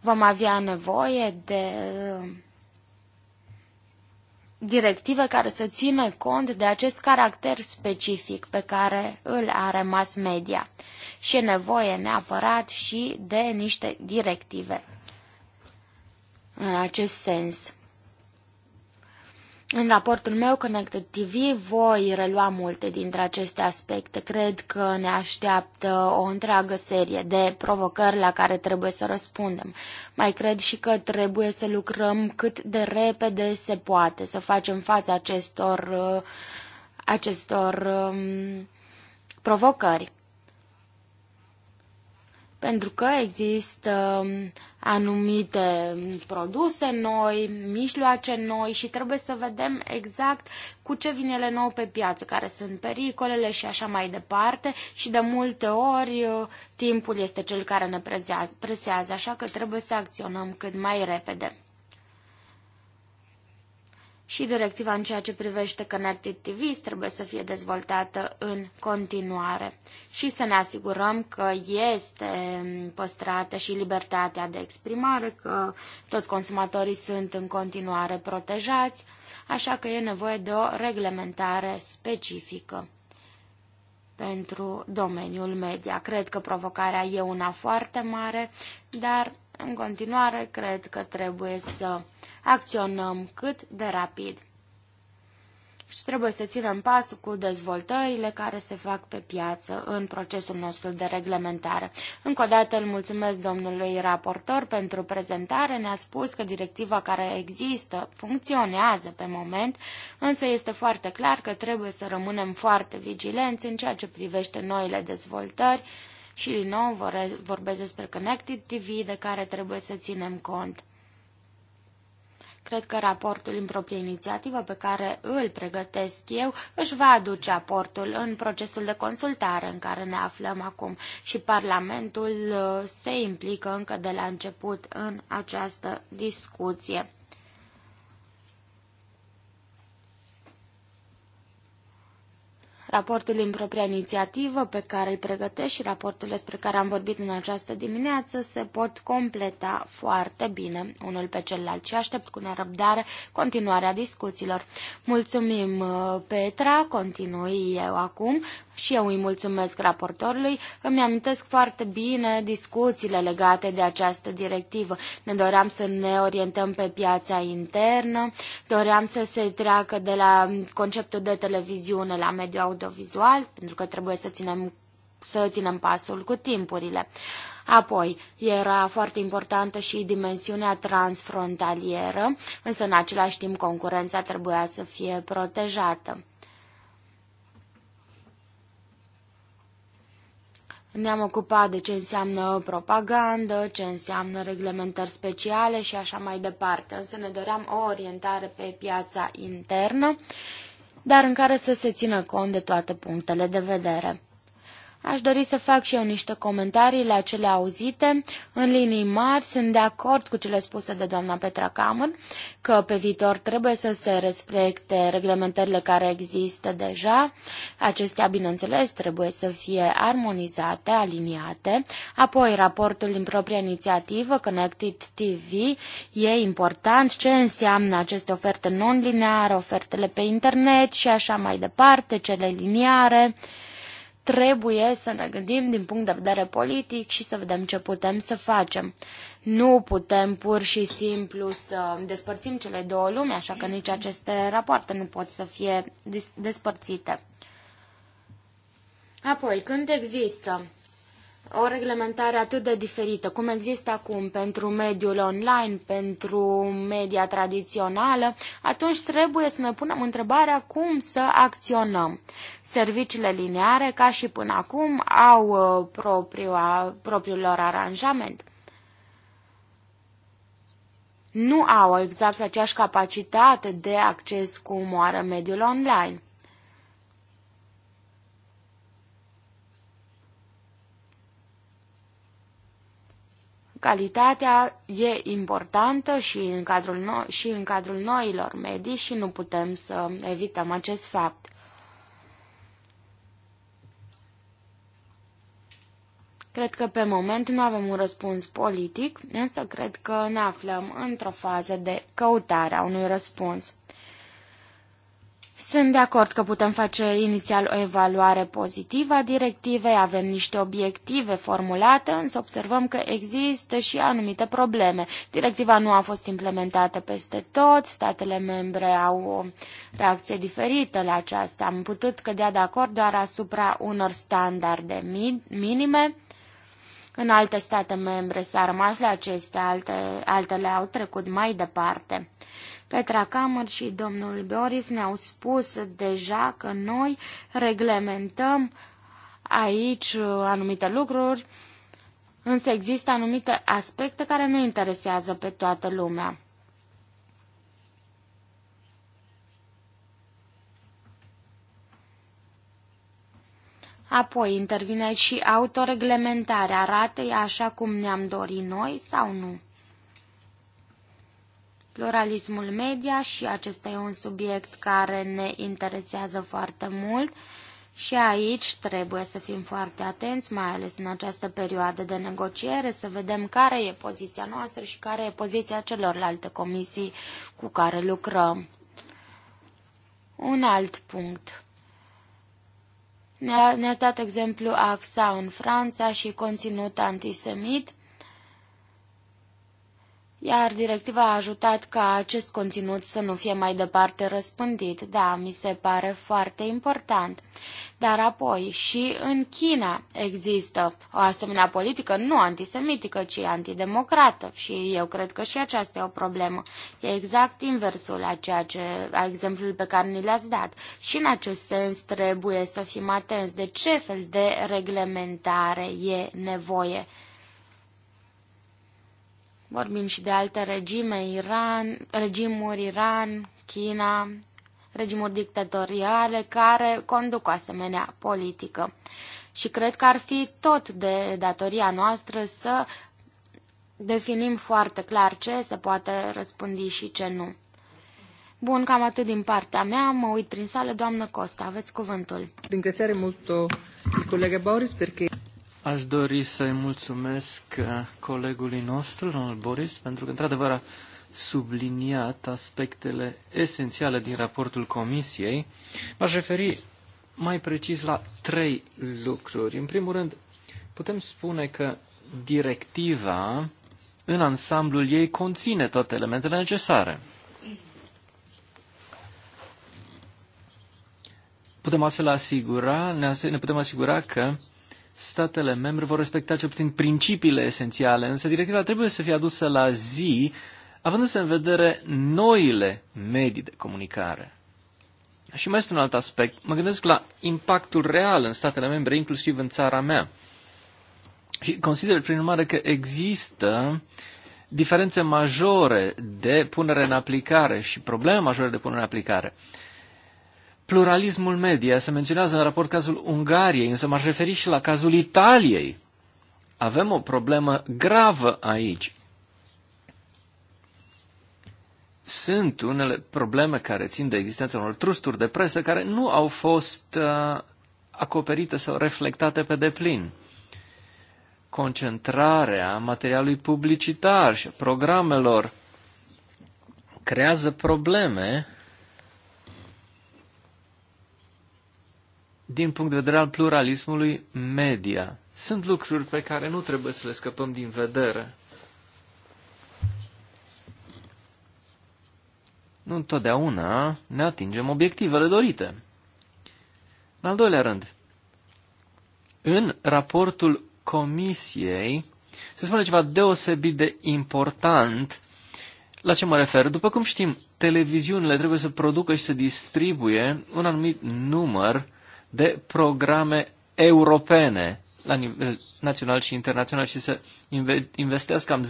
Vom avea nevoie de uh, directive care să țină cont de acest caracter specific pe care îl are mass media. Și e nevoie neapărat și de niște directive în acest sens. În raportul meu Connected TV voi relua multe dintre aceste aspecte. Cred că ne așteaptă o întreagă serie de provocări la care trebuie să răspundem. Mai cred și că trebuie să lucrăm cât de repede se poate, să facem față acestor, uh, acestor um, provocări. Pentru că există um, anumite produse noi, mijloace noi și trebuie să vedem exact cu ce vin ele nou pe piață, care sunt pericolele și așa mai departe și de multe ori uh, timpul este cel care ne presează, așa că trebuie să acționăm cât mai repede și directiva în ceea ce privește Connected TV trebuie să fie dezvoltată în continuare și să ne asigurăm că este păstrată și libertatea de exprimare, că toți consumatorii sunt în continuare protejați, așa că e nevoie de o reglementare specifică pentru domeniul media. Cred că provocarea e una foarte mare, dar în continuare cred că trebuie să acționăm cât de rapid. Și trebuie să ținem pasul cu dezvoltările care se fac pe piață în procesul nostru de reglementare. Încă o dată îl mulțumesc domnului raportor pentru prezentare. Ne-a spus că directiva care există funcționează pe moment, însă este foarte clar că trebuie să rămânem foarte vigilenți în ceea ce privește noile dezvoltări și din nou vorbesc despre Connected TV de care trebuie să ținem cont. Cred că raportul în proprie inițiativă pe care îl pregătesc eu își va aduce aportul în procesul de consultare în care ne aflăm acum și Parlamentul uh, se implică încă de la început în această discuție. raportul din propria inițiativă pe care îl pregătesc și raportul despre care am vorbit în această dimineață se pot completa foarte bine unul pe celălalt și aștept cu nerăbdare continuarea discuțiilor. Mulțumim, uh, Petra, continui eu acum. Și eu îi mulțumesc raportorului. Îmi amintesc foarte bine discuțiile legate de această directivă. Ne doream să ne orientăm pe piața internă, doream să se treacă de la conceptul de televiziune la mediul audiovizual, pentru că trebuie să ținem, să ținem pasul cu timpurile. Apoi, era foarte importantă și dimensiunea transfrontalieră, însă în același timp concurența trebuia să fie protejată. Ne-am ocupat de ce înseamnă propagandă, ce înseamnă reglementări speciale și așa mai departe. Însă ne doream o orientare pe piața internă, dar în care să se țină cont de toate punctele de vedere. Aș dori să fac și eu niște comentarii la cele auzite. În linii mari sunt de acord cu cele spuse de doamna Petra Camăr, că pe viitor trebuie să se respecte reglementările care există deja. Acestea, bineînțeles, trebuie să fie armonizate, aliniate. Apoi, raportul din propria inițiativă, Connected TV, e important ce înseamnă aceste oferte non-lineare, ofertele pe internet și așa mai departe, cele liniare. Trebuie să ne gândim din punct de vedere politic și să vedem ce putem să facem. Nu putem pur și simplu să despărțim cele două lume, așa că nici aceste rapoarte nu pot să fie despărțite. Apoi, când există o reglementare atât de diferită, cum există acum pentru mediul online, pentru media tradițională, atunci trebuie să ne punem întrebarea cum să acționăm. Serviciile lineare, ca și până acum, au uh, propriul lor aranjament. Nu au exact aceeași capacitate de acces cum o are mediul online. Calitatea e importantă și în cadrul, no- și în cadrul noilor medii și nu putem să evităm acest fapt. Cred că pe moment nu avem un răspuns politic, însă cred că ne aflăm într-o fază de căutare a unui răspuns. Sunt de acord că putem face inițial o evaluare pozitivă a directivei, avem niște obiective formulate, însă observăm că există și anumite probleme. Directiva nu a fost implementată peste tot, statele membre au o reacție diferită la aceasta. Am putut cădea de acord doar asupra unor standarde minime în alte state membre s-a rămas la acestea, alte, altele au trecut mai departe. Petra Camăr și domnul Boris ne-au spus deja că noi reglementăm aici uh, anumite lucruri, însă există anumite aspecte care nu interesează pe toată lumea. Apoi intervine și autoreglementarea ratei așa cum ne-am dorit noi sau nu. Pluralismul media și acesta e un subiect care ne interesează foarte mult și aici trebuie să fim foarte atenți, mai ales în această perioadă de negociere, să vedem care e poziția noastră și care e poziția celorlalte comisii cu care lucrăm. Un alt punct ne-a ne dat exemplu AXA în Franța și conținut antisemit, iar directiva a ajutat ca acest conținut să nu fie mai departe răspândit. Da, mi se pare foarte important. Dar apoi și în China există o asemenea politică, nu antisemitică, ci antidemocrată și eu cred că și aceasta e o problemă. E exact inversul a ceea ce, a exemplului pe care ni le-ați dat. Și în acest sens trebuie să fim atenți de ce fel de reglementare e nevoie. Vorbim și de alte regime, Iran, regimuri, Iran, China, regimuri dictatoriale care conduc o asemenea politică. Și cred că ar fi tot de datoria noastră să definim foarte clar ce se poate răspândi și ce nu. Bun, cam atât din partea mea. Mă uit prin sală. Doamnă Costa, aveți cuvântul. Din molto mult colega Boris perché... Aș dori să-i mulțumesc uh, colegului nostru, domnul Boris, pentru că, într-adevăr, subliniat aspectele esențiale din raportul Comisiei, m-aș referi mai precis la trei lucruri. În primul rând, putem spune că directiva, în ansamblul ei, conține toate elementele necesare. Putem astfel asigura, ne putem asigura că statele membre vor respecta cel puțin principiile esențiale, însă directiva trebuie să fie adusă la zi avându-se în vedere noile medii de comunicare. Și mai este un alt aspect. Mă gândesc la impactul real în statele membre, inclusiv în țara mea. Și consider, prin urmare, că există diferențe majore de punere în aplicare și probleme majore de punere în aplicare. Pluralismul media se menționează în raport cazul Ungariei, însă m-aș referi și la cazul Italiei. Avem o problemă gravă aici sunt unele probleme care țin de existența unor trusturi de presă care nu au fost uh, acoperite sau reflectate pe deplin. Concentrarea materialului publicitar și programelor creează probleme din punct de vedere al pluralismului media. Sunt lucruri pe care nu trebuie să le scăpăm din vedere. nu întotdeauna ne atingem obiectivele dorite. În al doilea rând, în raportul comisiei se spune ceva deosebit de important. La ce mă refer? După cum știm, televiziunile trebuie să producă și să distribuie un anumit număr de programe europene la nivel național și internațional și să investească cam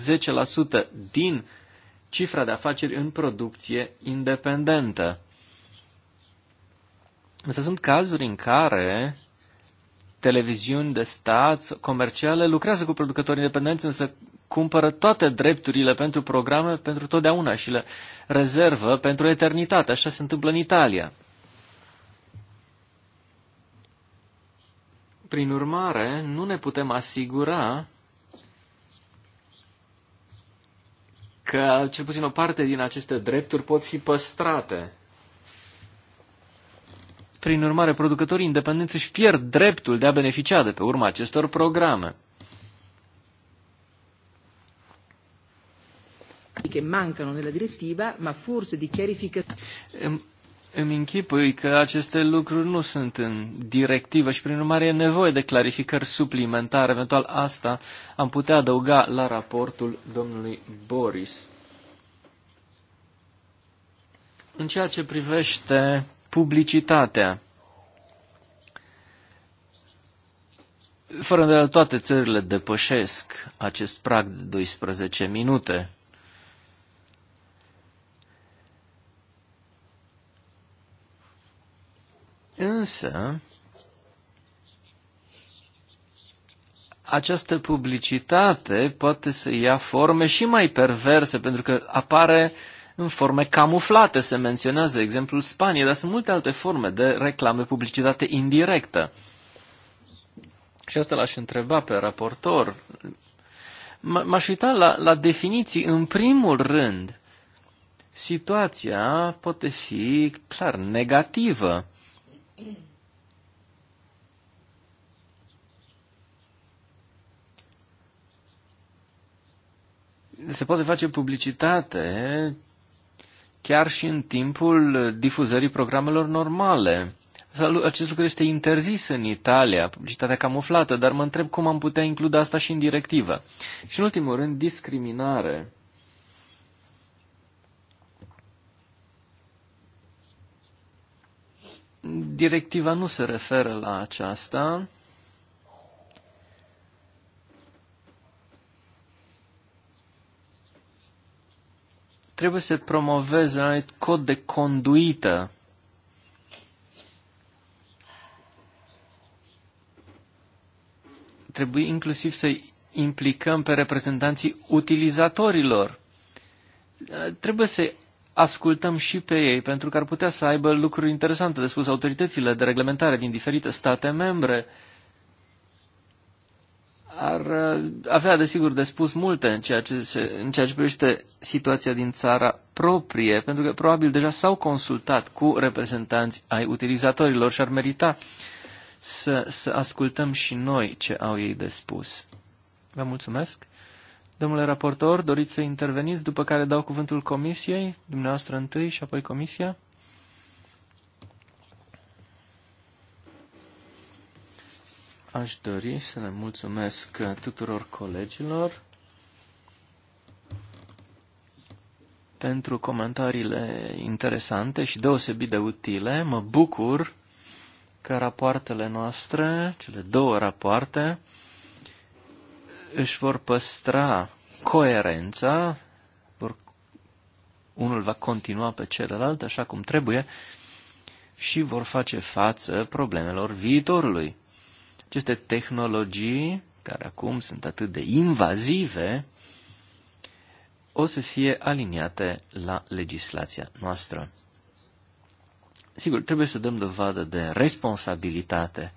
10% din cifra de afaceri în producție independentă. Însă sunt cazuri în care televiziuni de stat comerciale lucrează cu producători independenți, însă cumpără toate drepturile pentru programe pentru totdeauna și le rezervă pentru eternitate. Așa se întâmplă în Italia. Prin urmare, nu ne putem asigura că cel puțin o parte din aceste drepturi pot fi păstrate. Prin urmare, producătorii independenți își pierd dreptul de a beneficia de pe urma acestor programe. che mancano nella direttiva, ma forse di chiarificazione. Ehm, îmi închipui că aceste lucruri nu sunt în directivă și, prin urmare, e nevoie de clarificări suplimentare. Eventual asta am putea adăuga la raportul domnului Boris. În ceea ce privește publicitatea, fără îndoială toate țările depășesc acest prag de 12 minute. Însă, această publicitate poate să ia forme și mai perverse, pentru că apare în forme camuflate. Se menționează exemplul Spanie, dar sunt multe alte forme de reclame, publicitate indirectă. Și asta l-aș întreba pe raportor. M-aș uita la, la definiții. În primul rând, situația poate fi clar negativă. Se poate face publicitate chiar și în timpul difuzării programelor normale. Acest lucru este interzis în Italia, publicitatea camuflată, dar mă întreb cum am putea include asta și în directivă. Și în ultimul rând, discriminare. Directiva nu se referă la aceasta. Trebuie să promoveze un cod de conduită Trebuie inclusiv să implicăm pe reprezentanții utilizatorilor. Trebuie să ascultăm și pe ei, pentru că ar putea să aibă lucruri interesante de spus autoritățile de reglementare din diferite state membre. Ar uh, avea, desigur, de spus multe în ceea, ce se, în ceea ce privește situația din țara proprie, pentru că probabil deja s-au consultat cu reprezentanți ai utilizatorilor și ar merita să, să ascultăm și noi ce au ei de spus. Vă mulțumesc! Domnule raportor, doriți să interveniți, după care dau cuvântul comisiei, dumneavoastră întâi și apoi comisia. Aș dori să le mulțumesc tuturor colegilor pentru comentariile interesante și deosebit de utile. Mă bucur că rapoartele noastre, cele două rapoarte, își vor păstra coerența, vor, unul va continua pe celălalt așa cum trebuie și vor face față problemelor viitorului. Aceste tehnologii, care acum sunt atât de invazive, o să fie aliniate la legislația noastră. Sigur, trebuie să dăm dovadă de responsabilitate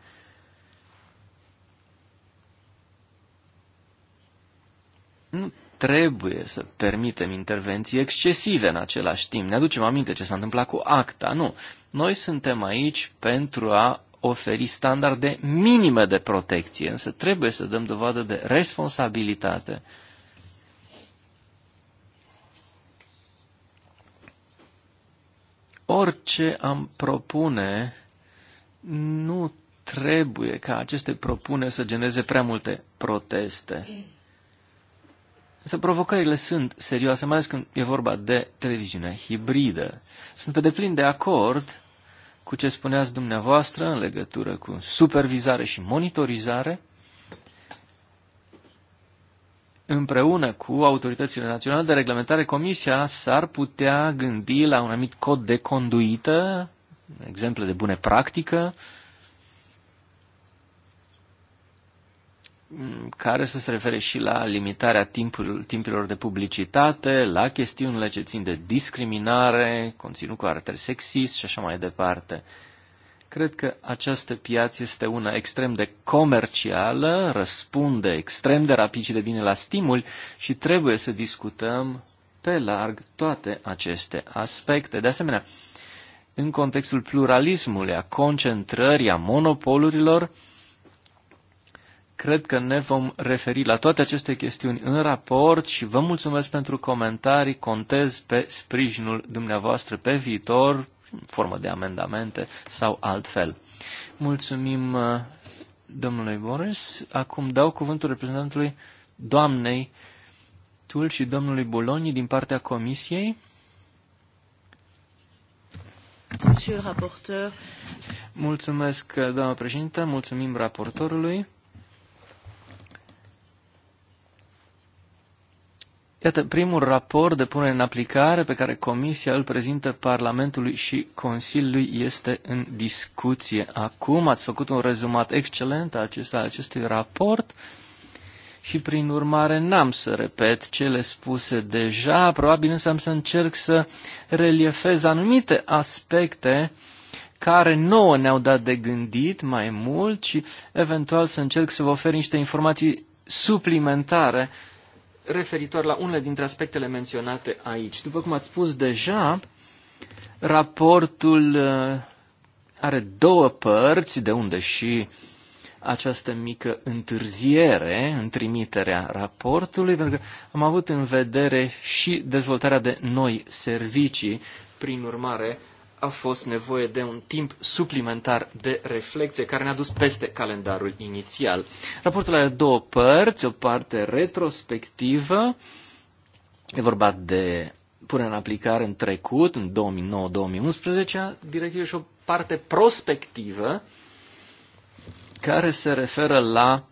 nu trebuie să permitem intervenții excesive în același timp. Ne aducem aminte ce s-a întâmplat cu acta. Nu. Noi suntem aici pentru a oferi standarde minime de protecție, însă trebuie să dăm dovadă de responsabilitate. Orice am propune, nu trebuie ca aceste propune să genereze prea multe proteste. Însă provocările sunt serioase, mai ales când e vorba de televiziunea hibridă. Sunt pe deplin de acord cu ce spuneați dumneavoastră în legătură cu supervizare și monitorizare, împreună cu autoritățile naționale de reglementare, Comisia s-ar putea gândi la un anumit cod de conduită, exemple de bune practică, Mm, care să se refere și la limitarea timpurilor de publicitate, la chestiunile ce țin de discriminare, conținut cu arter sexist și așa mai departe. Cred că această piață este una extrem de comercială, răspunde extrem de rapid și de bine la stimul și trebuie să discutăm pe larg toate aceste aspecte. De asemenea, în contextul pluralismului, a concentrării, a monopolurilor, Cred că ne vom referi la toate aceste chestiuni în raport și vă mulțumesc pentru comentarii, contez pe sprijinul dumneavoastră pe viitor, în formă de amendamente sau altfel. Mulțumim uh, domnului Boris. Acum dau cuvântul reprezentantului doamnei Tul și domnului Boloni din partea comisiei. Mulțumesc, doamnă președintă, mulțumim raportorului. Iată, primul raport de punere în aplicare pe care Comisia îl prezintă Parlamentului și Consiliului este în discuție. Acum ați făcut un rezumat excelent al acestui, acestui raport și prin urmare n-am să repet cele spuse deja, probabil însă am să încerc să reliefez anumite aspecte care nouă ne-au dat de gândit mai mult și eventual să încerc să vă ofer niște informații suplimentare referitor la unele dintre aspectele menționate aici. După cum ați spus deja, raportul uh, are două părți, de unde și această mică întârziere în trimiterea raportului, pentru că am avut în vedere și dezvoltarea de noi servicii, prin urmare a fost nevoie de un timp suplimentar de reflexie care ne-a dus peste calendarul inițial. Raportul are două părți, o parte retrospectivă, e vorba de pune în aplicare în trecut, în 2009-2011, directiv și o parte prospectivă care se referă la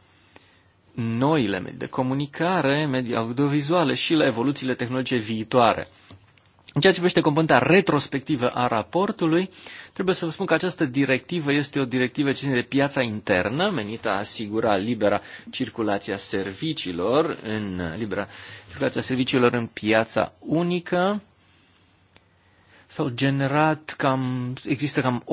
noile medii de comunicare, medii audiovizuale și la evoluțiile tehnologice viitoare. În ceea ce privește componenta retrospectivă a raportului, trebuie să vă spun că această directivă este o directivă ce ține de piața internă, menită a asigura libera circulație a serviciilor în libera circulația serviciilor în piața unică. S-au generat cam, există cam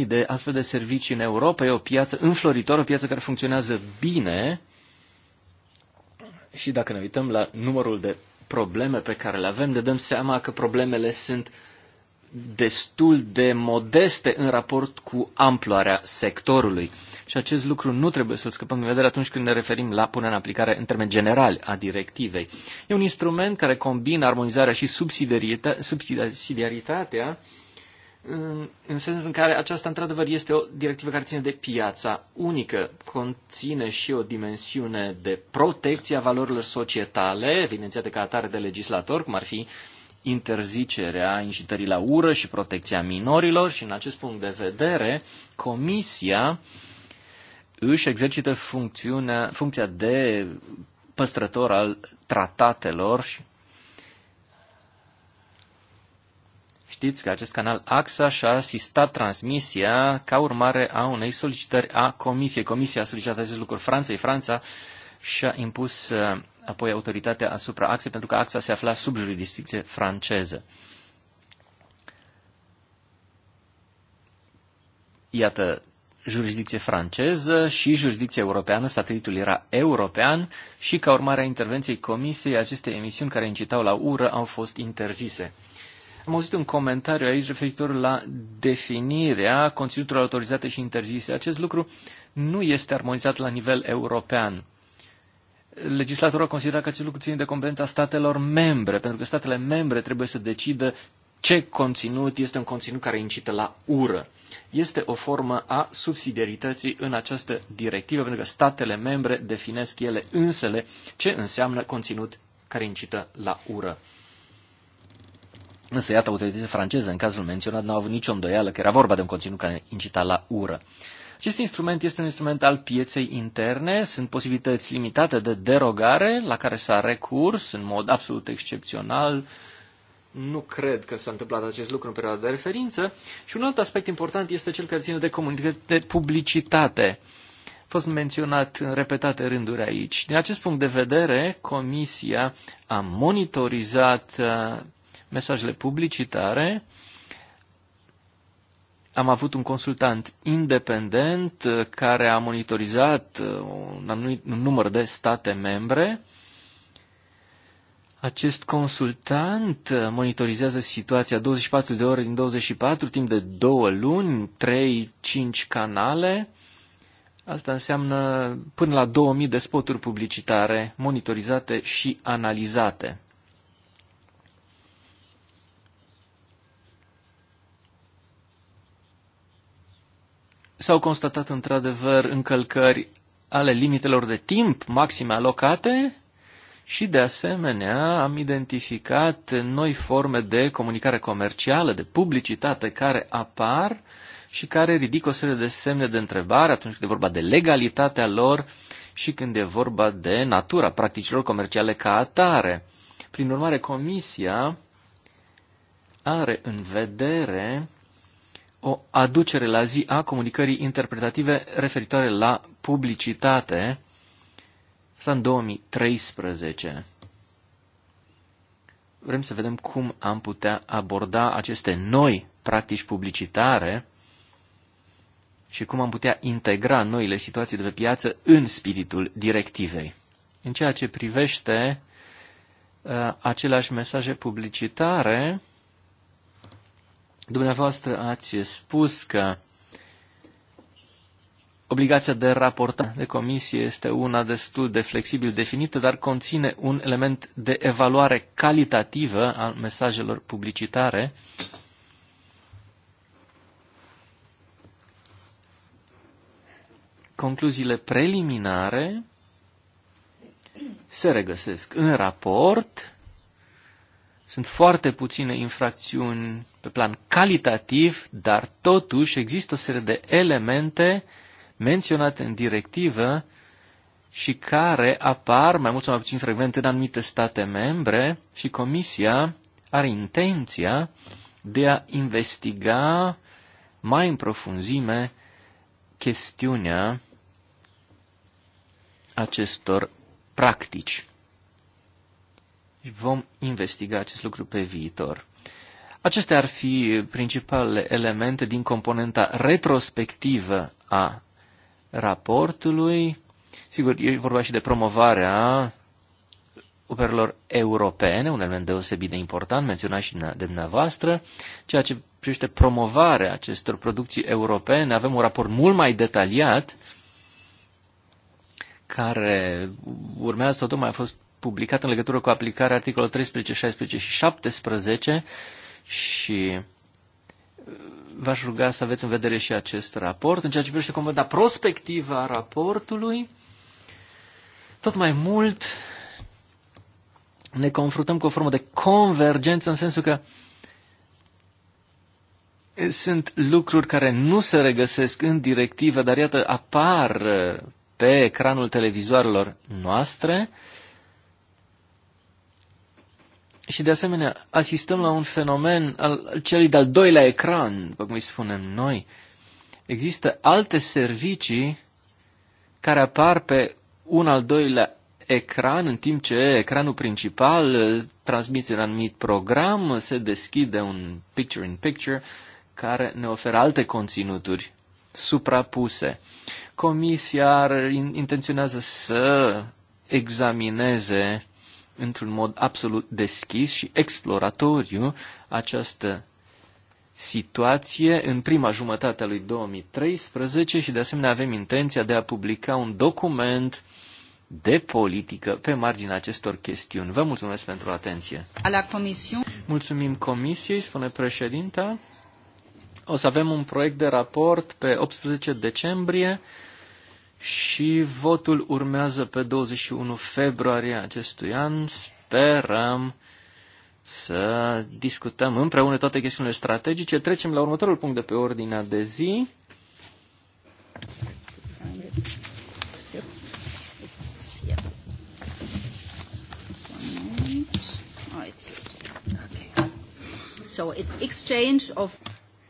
8.000 de astfel de servicii în Europa, e o piață înfloritoare, o piață care funcționează bine. Și dacă ne uităm la numărul de probleme pe care le avem, ne dăm seama că problemele sunt destul de modeste în raport cu amploarea sectorului. Și acest lucru nu trebuie să-l scăpăm în vedere atunci când ne referim la punerea în aplicare în termeni generali a directivei. E un instrument care combină armonizarea și subsidiaritatea în sensul în care aceasta, într-adevăr, este o directivă care ține de piața unică. Conține și o dimensiune de protecție a valorilor societale, evidențiate ca atare de legislator, cum ar fi interzicerea incitării la ură și protecția minorilor și, în acest punct de vedere, Comisia își exercită funcțiunea, funcția de păstrător al tratatelor și Știți că acest canal AXA și-a asistat transmisia ca urmare a unei solicitări a Comisiei. Comisia a solicitat acest lucru Franței. Franța și-a impus uh, apoi autoritatea asupra AXA pentru că AXA se afla sub jurisdicție franceză. Iată, jurisdicție franceză și jurisdicție europeană, satelitul era european și ca urmare a intervenției Comisiei, aceste emisiuni care incitau la ură au fost interzise. Am auzit un comentariu aici referitor la definirea conținuturilor autorizate și interzise. Acest lucru nu este armonizat la nivel european. Legislatura consideră că acest lucru ține de competența statelor membre, pentru că statele membre trebuie să decidă ce conținut este un conținut care incită la ură. Este o formă a subsidiarității în această directivă, pentru că statele membre definesc ele însele ce înseamnă conținut care incită la ură. Însă, iată, autoritățile franceze, în cazul menționat, nu au avut nicio îndoială că era vorba de un conținut care incita la ură. Acest instrument este un instrument al pieței interne, sunt posibilități limitate de derogare la care s-a recurs în mod absolut excepțional. Nu cred că s-a întâmplat acest lucru în perioada de referință. Și un alt aspect important este cel care ține de, de publicitate. A fost menționat în repetate rânduri aici. Din acest punct de vedere, Comisia a monitorizat uh, mesajele publicitare. Am avut un consultant independent uh, care a monitorizat uh, un anumit număr de state membre. Acest consultant uh, monitorizează situația 24 de ore în 24, timp de două luni, 3-5 canale. Asta înseamnă până la 2000 de spoturi publicitare monitorizate și analizate. S-au constatat într-adevăr încălcări ale limitelor de timp maxime alocate și, de asemenea, am identificat noi forme de comunicare comercială, de publicitate care apar și care ridică o serie de semne de întrebare atunci când e vorba de legalitatea lor și când e vorba de natura practicilor comerciale ca atare. Prin urmare, Comisia are în vedere o aducere la zi a comunicării interpretative referitoare la publicitate. Asta în 2013. Vrem să vedem cum am putea aborda aceste noi practici publicitare și cum am putea integra noile situații de pe piață în spiritul directivei. În ceea ce privește uh, aceleași mesaje publicitare, Dumneavoastră ați spus că obligația de raportare de comisie este una destul de flexibil definită, dar conține un element de evaluare calitativă al mesajelor publicitare. Concluziile preliminare se regăsesc în raport. Sunt foarte puține infracțiuni pe plan calitativ, dar totuși există o serie de elemente menționate în directivă și care apar mai mult sau mai puțin frecvent în anumite state membre și Comisia are intenția de a investiga mai în profunzime chestiunea acestor practici. Vom investiga acest lucru pe viitor. Acestea ar fi principalele elemente din componenta retrospectivă a raportului. Sigur, e vorba și de promovarea operelor europene, un element deosebit de important, menționat și de dumneavoastră, ceea ce privește promovarea acestor producții europene. Avem un raport mult mai detaliat care urmează, tocmai a fost publicat în legătură cu aplicarea articolelor 13, 16 și 17 și uh, v-aș ruga să aveți în vedere și acest raport. În ceea ce privește componenta prospectiva raportului, tot mai mult ne confruntăm cu o formă de convergență în sensul că sunt lucruri care nu se regăsesc în directivă, dar iată apar pe ecranul televizoarelor noastre, uh, și de asemenea, asistăm la un fenomen al celui de-al doilea ecran, după cum îi spunem noi. Există alte servicii care apar pe un al doilea ecran, în timp ce ecranul principal uh, transmite un anumit program, uh, se deschide un picture-in-picture -picture care ne oferă alte conținuturi suprapuse. Comisia intenționează să examineze într-un mod absolut deschis și exploratoriu această situație în prima jumătate a lui 2013 și de asemenea avem intenția de a publica un document de politică pe marginea acestor chestiuni. Vă mulțumesc pentru atenție. La comisiun. Mulțumim comisiei, spune președinta. O să avem un proiect de raport pe 18 decembrie și votul urmează pe 21 februarie acestui an. Sperăm să discutăm împreună toate chestiunile strategice. Trecem la următorul punct de pe ordinea de zi. So it's exchange of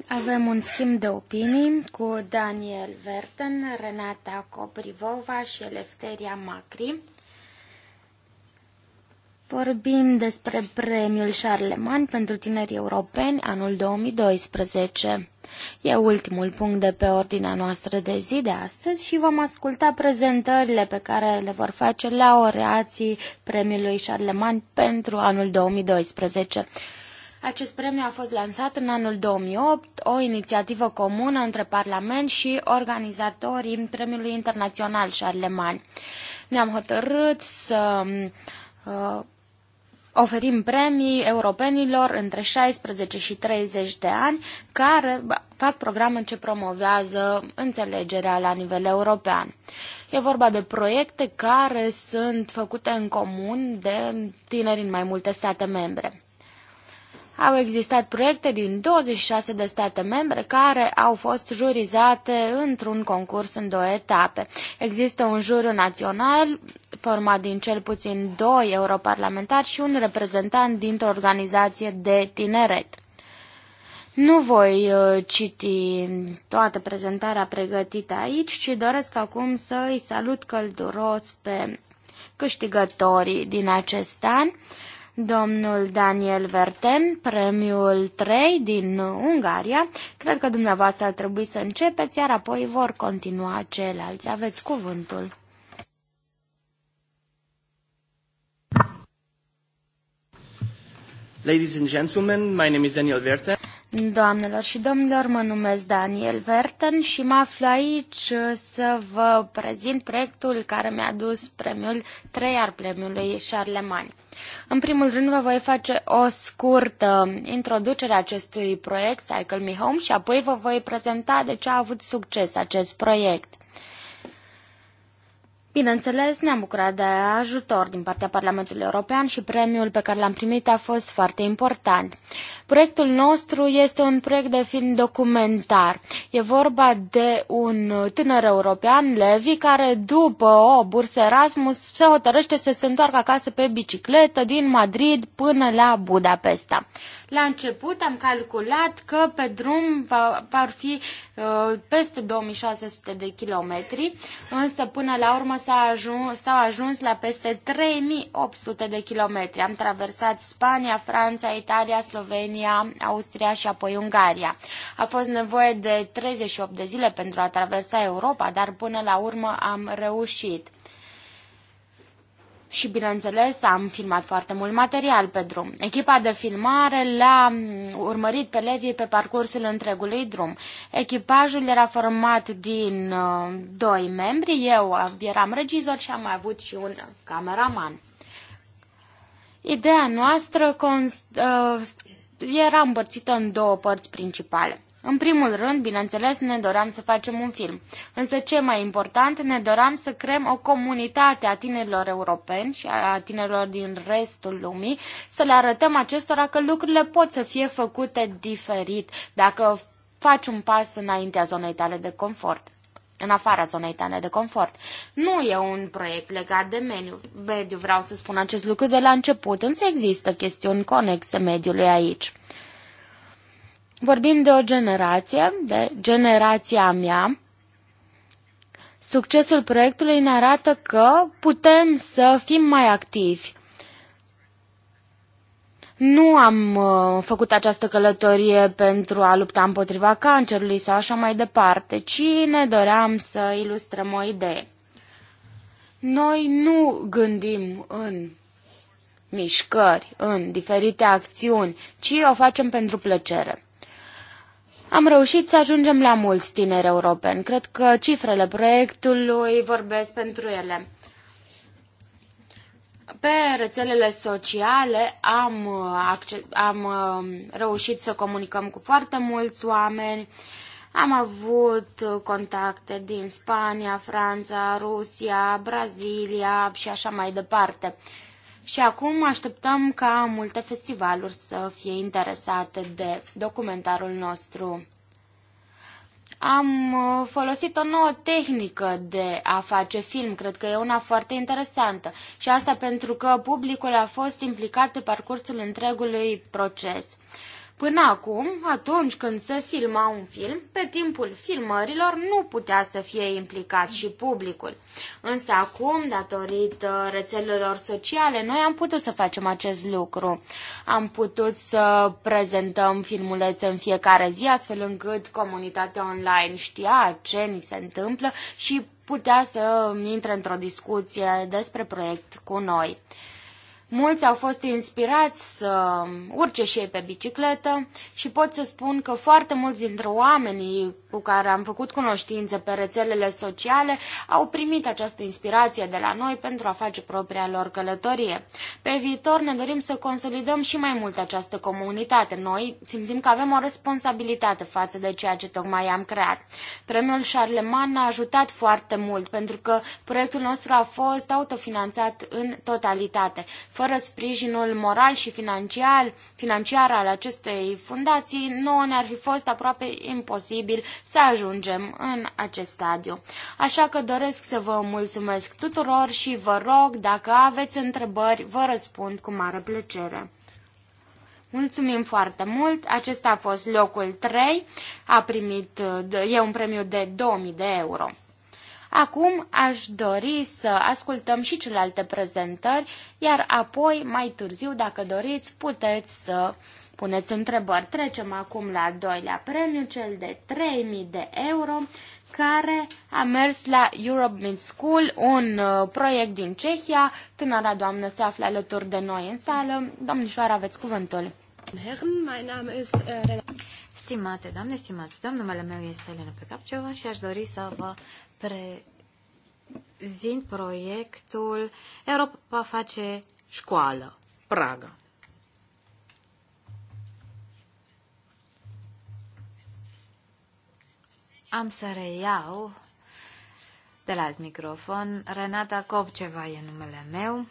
avem un schimb de opinii cu Daniel Verten, Renata Coprivova și Elefteria Macri. Vorbim despre premiul Charlemagne pentru tineri europeni anul 2012. E ultimul punct de pe ordinea noastră de zi de astăzi și vom asculta prezentările pe care le vor face laureații premiului Charlemagne pentru anul 2012. Acest premiu a fost lansat în anul 2008, o inițiativă comună între Parlament și organizatorii Premiului Internațional Charlemagne. Ne-am hotărât să uh, oferim premii europenilor între 16 și 30 de ani care fac programe ce promovează înțelegerea la nivel european. E vorba de proiecte care sunt făcute în comun de tineri în mai multe state membre. Au existat proiecte din 26 de state membre care au fost jurizate într-un concurs în două etape. Există un juriu național format din cel puțin doi europarlamentari și un reprezentant dintr-o organizație de tineret. Nu voi uh, citi toată prezentarea pregătită aici, ci doresc acum să îi salut călduros pe câștigătorii din acest an domnul Daniel Verten, premiul 3 din Ungaria. Cred că dumneavoastră ar trebui să începeți, iar apoi vor continua ceilalți. Aveți cuvântul. Ladies and gentlemen, my name is Daniel Verten. Doamnelor și domnilor, mă numesc Daniel Verten și mă aflu aici uh, să vă prezint proiectul care mi-a dus premiul 3 al premiului Charlemagne. În primul rând vă voi face o scurtă introducere a acestui proiect, Cycle Me Home, și apoi vă voi prezenta de ce a avut succes acest proiect. Bineînțeles, ne-am bucurat de ajutor din partea Parlamentului European și premiul pe care l-am primit a fost foarte important. Proiectul nostru este un proiect de film documentar. E vorba de un tânăr european, Levi, care după o bursă Erasmus se hotărăște să se întoarcă acasă pe bicicletă din Madrid până la Budapesta. La început am calculat că pe drum va, va fi uh, peste 2600 de kilometri, însă până la urmă s-a ajuns, s ajuns la peste 3800 de kilometri. Am traversat Spania, Franța, Italia, Slovenia, Slovenia, Austria și apoi Ungaria. A fost nevoie de 38 de zile pentru a traversa Europa, dar până la urmă am reușit. Și, bineînțeles, am filmat foarte mult material pe drum. Echipa de filmare l-a urmărit pe Levi pe parcursul întregului drum. Echipajul era format din uh, doi membri, eu eram regizor și am mai avut și un cameraman. Ideea noastră cons- uh, era împărțită în două părți principale. În primul rând, bineînțeles, ne doream să facem un film. Însă, ce mai important, ne doream să creăm o comunitate a tinerilor europeni și a tinerilor din restul lumii, să le arătăm acestora că lucrurile pot să fie făcute diferit dacă faci un pas înaintea zonei tale de confort în afara zonei tale de confort. Nu e un proiect legat de mediu. mediu. Vreau să spun acest lucru de la început, însă există chestiuni conexe mediului aici. Vorbim de o generație, de generația mea. Succesul proiectului ne arată că putem să fim mai activi nu am uh, făcut această călătorie pentru a lupta împotriva cancerului sau așa mai departe, ci ne doream să ilustrăm o idee. Noi nu gândim în mișcări, în diferite acțiuni, ci o facem pentru plăcere. Am reușit să ajungem la mulți tineri europeni. Cred că cifrele proiectului vorbesc pentru ele. Pe rețelele sociale am, uh, am uh, reușit să comunicăm cu foarte mulți oameni, am avut contacte din Spania, Franța, Rusia, Brazilia și așa mai departe. Și acum așteptăm ca multe festivaluri să fie interesate de documentarul nostru. Am uh, folosit o nouă tehnică de a face film, cred că e una foarte interesantă și asta pentru că publicul a fost implicat pe parcursul întregului proces. Uh, Până acum, atunci când se filma un film, pe timpul filmărilor nu putea să fie implicat și publicul. Însă acum, datorită rețelelor sociale, noi am putut să facem acest lucru. Am putut să prezentăm filmulețe în fiecare zi, astfel încât comunitatea online știa ce ni se întâmplă și putea să intre într-o discuție despre proiect cu noi. Mulți au fost inspirați să urce și ei pe bicicletă și pot să spun că foarte mulți dintre oamenii cu care am făcut cunoștință pe rețelele sociale au primit această inspirație de la noi pentru a face propria lor călătorie. Pe viitor ne dorim să consolidăm și mai mult această comunitate. Noi simțim că avem o responsabilitate față de ceea ce tocmai am creat. Premiul Charlemagne ne-a ajutat foarte mult pentru că proiectul nostru a fost autofinanțat în totalitate. Fără fără sprijinul moral și financiar, financiar al acestei fundații, nouă ne-ar fi fost aproape imposibil să ajungem în acest stadiu. Așa că doresc să vă mulțumesc tuturor și vă rog, dacă aveți întrebări, vă răspund cu mare plăcere. Mulțumim foarte mult. Acesta a fost locul 3. A primit, e un premiu de 2000 de euro. Acum aș dori să ascultăm și celelalte prezentări, iar apoi, mai târziu, dacă doriți, puteți să puneți întrebări. Trecem acum la al doilea premiu, cel de 3.000 de euro, care a mers la Europe Mid School, un uh, proiect din Cehia. Tânăra doamnă se află alături de noi în sală. Domnișoara, aveți cuvântul. Äh, Stimate doamne, stimați doamne, numele meu este Elena Pecapceva și aș dori să vă prezint proiectul Europa face școală, Praga. Am să reiau de la alt microfon. Renata Copceva e numele meu.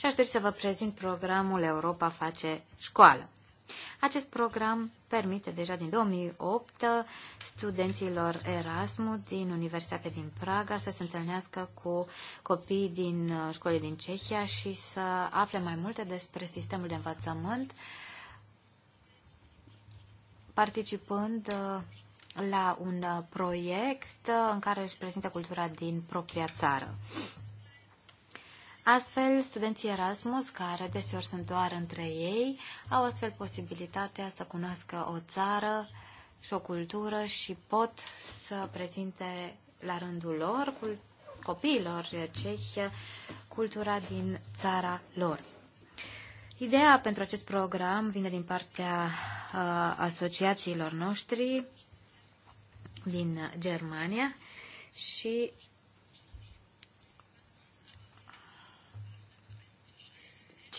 și aș dori să vă prezint programul Europa face școală. Acest program permite deja din 2008 studenților Erasmus din Universitatea din Praga să se întâlnească cu copii din uh, școli din Cehia și să afle mai multe despre sistemul de învățământ, participând uh, la un uh, proiect în care își prezintă cultura din propria țară. Astfel, studenții Erasmus, care deseori sunt doar între ei, au astfel posibilitatea să cunoască o țară și o cultură și pot să prezinte la rândul lor copiilor cehi cultura din țara lor. Ideea pentru acest program vine din partea uh, asociațiilor noștri din Germania și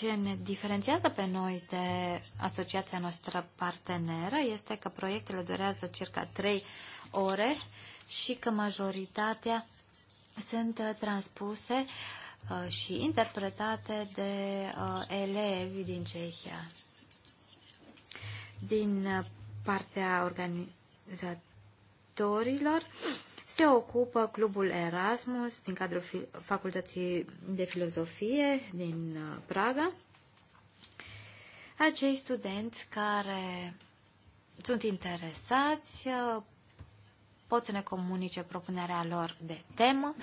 ce ne diferențiază pe noi de asociația noastră parteneră este că proiectele durează circa 3 ore și că majoritatea sunt transpuse uh, și interpretate de uh, elevi din Cehia. Din uh, partea organizatorilor, ce ocupă Clubul Erasmus din cadrul Facultății de Filozofie din uh, Praga. Acei studenți care sunt interesați uh, pot să ne comunice propunerea lor de temă,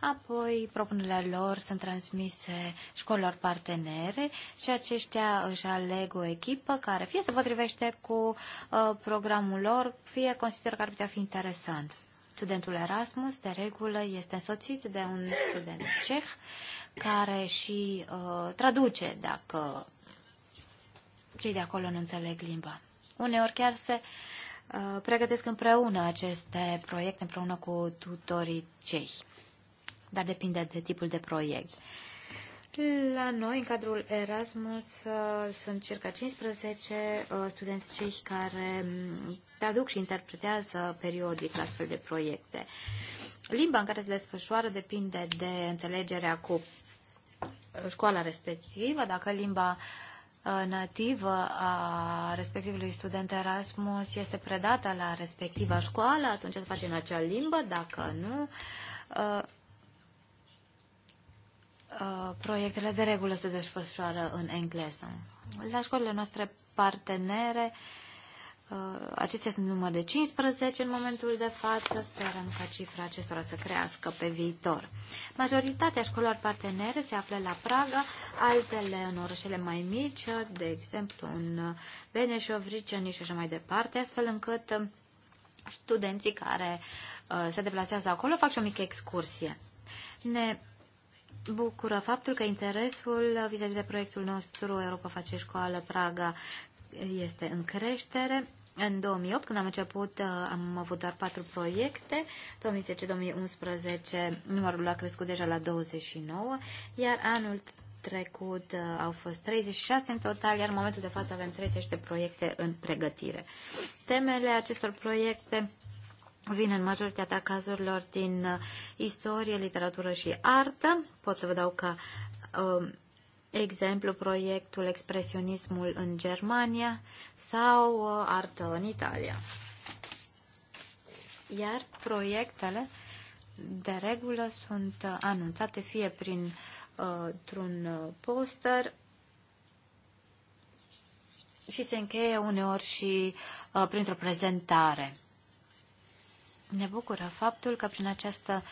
apoi propunerea lor sunt transmise școlilor partenere și aceștia își aleg o echipă care fie se potrivește cu uh, programul lor, fie consideră că ar putea fi interesant. Studentul Erasmus, de regulă, este însoțit de un student ceh care și uh, traduce dacă cei de acolo nu înțeleg limba. Uneori chiar se uh, pregătesc împreună aceste proiecte, împreună cu tutorii cehi. Dar depinde de tipul de proiect. La noi, în cadrul Erasmus, uh, sunt circa 15 uh, studenți cehi care mm, traduc și interpretează periodic astfel de proiecte. Limba în care se desfășoară depinde de înțelegerea cu școala respectivă. Dacă limba uh, nativă a respectivului student Erasmus este predată la respectiva școală, atunci se face în acea limbă. Dacă nu, uh, uh, proiectele de regulă se desfășoară în engleză. La școlile noastre partenere, uh, Uh, acestea sunt număr de 15 în momentul de față. Sperăm ca cifra acestora să crească pe viitor. Majoritatea școlilor partenere se află la Praga, altele în orășele mai mici, de exemplu în Beneșov, Riceni și așa mai departe, astfel încât uh, studenții care uh, se deplasează acolo fac și o mică excursie. Ne bucură faptul că interesul vis-a-vis -vis de proiectul nostru Europa face școală Praga este în creștere. În 2008, când am început, uh, am avut doar patru proiecte. 2010-2011 numărul a crescut deja la 29, iar anul trecut uh, au fost 36 în total, iar în momentul de față avem 30 de proiecte în pregătire. Temele acestor proiecte vin în majoritatea cazurilor din uh, istorie, literatură și artă. Pot să vă dau ca um, exemplu proiectul Expresionismul în Germania sau uh, Artă în Italia. Iar proiectele de regulă sunt uh, anunțate fie prin uh, un uh, poster și se încheie uneori și uh, printr-o prezentare. Ne bucură faptul că prin această uh,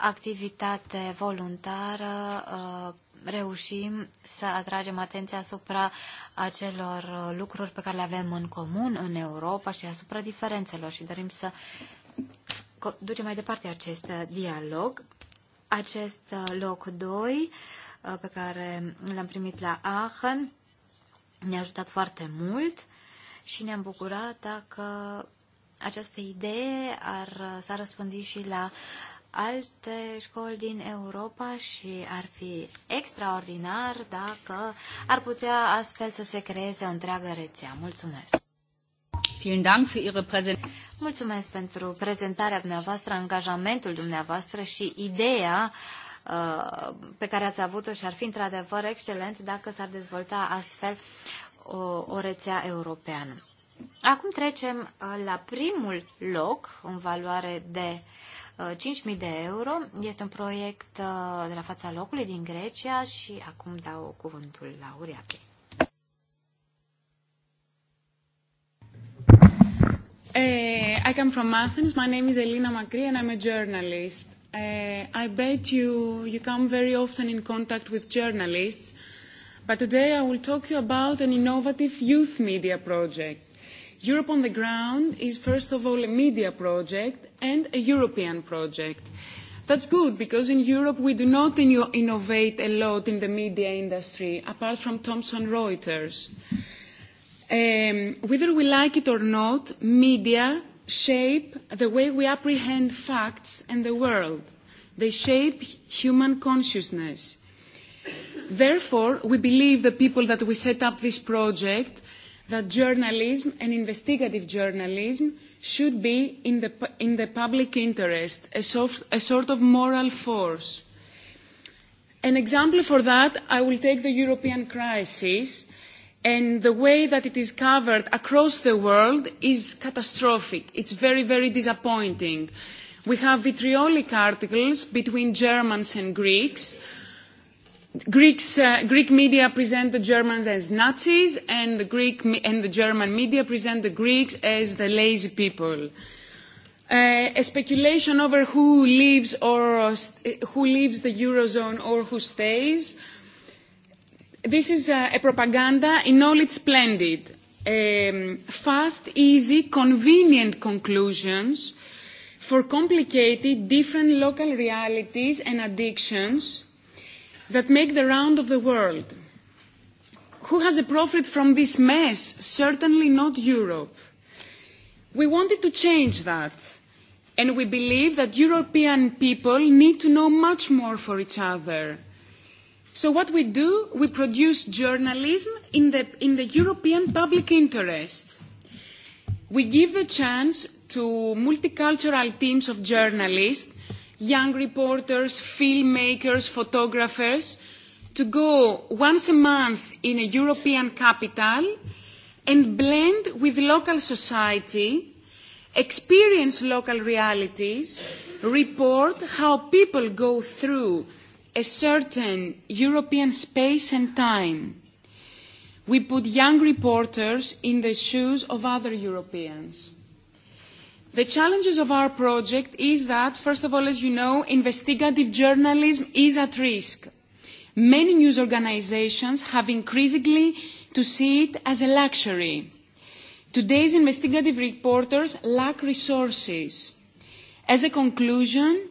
activitate voluntară uh, reușim să atragem atenția asupra acelor uh, lucruri pe care le avem în comun în Europa și asupra diferențelor și dorim să ducem mai departe acest uh, dialog. Acest loc 2 pe care l-am primit la Aachen ne-a ajutat foarte mult și ne-am bucurat dacă această idee ar, s-a răspândit și la uh, alte școli din Europa și ar fi extraordinar dacă ar putea astfel să se creeze o întreagă rețea. Mulțumesc! Mulțumesc pentru prezentarea dumneavoastră, angajamentul dumneavoastră și ideea uh, pe care ați avut-o și ar fi într-adevăr excelent dacă s-ar dezvolta astfel o, o rețea europeană. Acum trecem uh, la primul loc în valoare de 5.000 uh, de euro. Este un proiect uh, de la fața locului din Grecia și acum dau cuvântul laureatei. Uh, I come from Athens. My name is Elena Makri and I'm a journalist. Uh, I bet you, you come very often in contact with journalists, but today I will talk you about an innovative youth media project. Europe on the Ground is first of all a media project and a European project. That's good because in Europe we do not innovate a lot in the media industry, apart from Thomson Reuters. Um, whether we like it or not, media shape the way we apprehend facts and the world. They shape human consciousness. Therefore, we believe the people that we set up this project that journalism and investigative journalism should be in the, in the public interest, a, soft, a sort of moral force. An example for that, I will take the European crisis, and the way that it is covered across the world is catastrophic. It's very, very disappointing. We have vitriolic articles between Germans and Greeks Greeks, uh, Greek media present the Germans as Nazis, and the, Greek and the German media present the Greeks as the lazy people. Uh, a speculation over who leaves or uh, uh who leaves the eurozone or who stays. This is uh, a propaganda in all its splendid, um, fast, easy, convenient conclusions for complicated, different local realities and addictions that make the round of the world. Who has a profit from this mess? Certainly not Europe. We wanted to change that, and we believe that European people need to know much more for each other. So what we do, we produce journalism in the, in the European public interest. We give the chance to multicultural teams of journalists young reporters, filmmakers, photographers to go once a month in a European capital and blend with local society, experience local realities, report how people go through a certain European space and time. We put young reporters in the shoes of other Europeans The challenges of our project is that, first of all, as you know, investigative journalism is at risk. Many news organisations have increasingly to see it as a luxury. Today's investigative reporters lack resources. As a conclusion,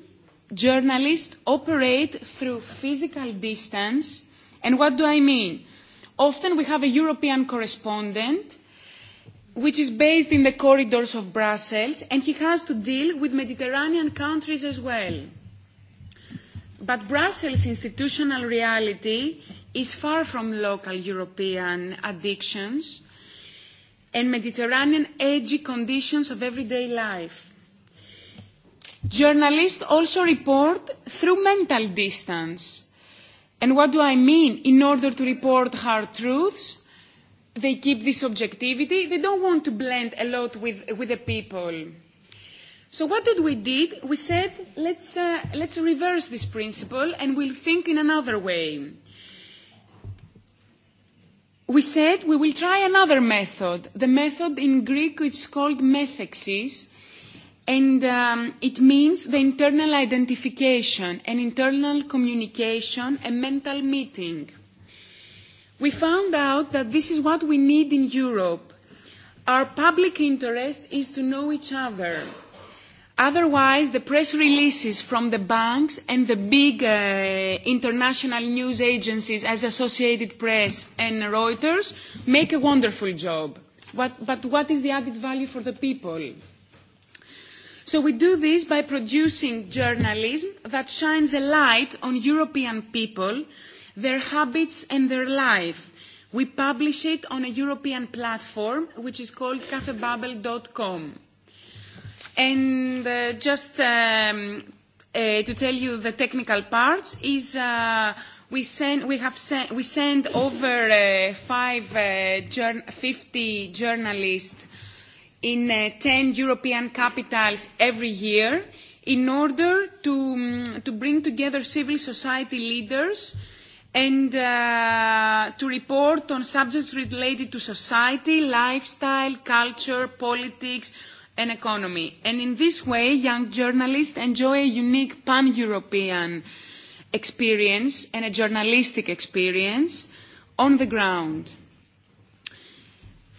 journalists operate through physical distance. And what do I mean? Often we have a European correspondent which is based in the corridors of Brussels, and he has to deal with Mediterranean countries as well. But Brussels' institutional reality is far from local European addictions and Mediterranean edgy conditions of everyday life. Journalists also report through mental distance. And what do I mean? In order to report hard truths, they keep this objectivity. They don't want to blend a lot with, with the people. So what did we did? We said, let's, uh, let's reverse this principle and we'll think in another way. We said we will try another method. The method in Greek is called methexis, and um, it means the internal identification, an internal communication, a mental meeting. We found out that this is what we need in Europe. Our public interest is to know each other. Otherwise, the press releases from the banks and the big uh, international news agencies as Associated Press and Reuters make a wonderful job. What, but what is the added value for the people? So we do this by producing journalism that shines a light on European people their habits and their life. We publish it on a European platform, which is called cafebubble.com. And uh, just um, uh, to tell you the technical parts is uh, we, send, we, have sent, we send over uh, five, uh, jour 50 journalists in uh, 10 European capitals every year in order to, um, to bring together civil society leaders and uh, to report on subjects related to society, lifestyle, culture, politics, and economy. And in this way, young journalists enjoy a unique pan-European experience and a journalistic experience on the ground.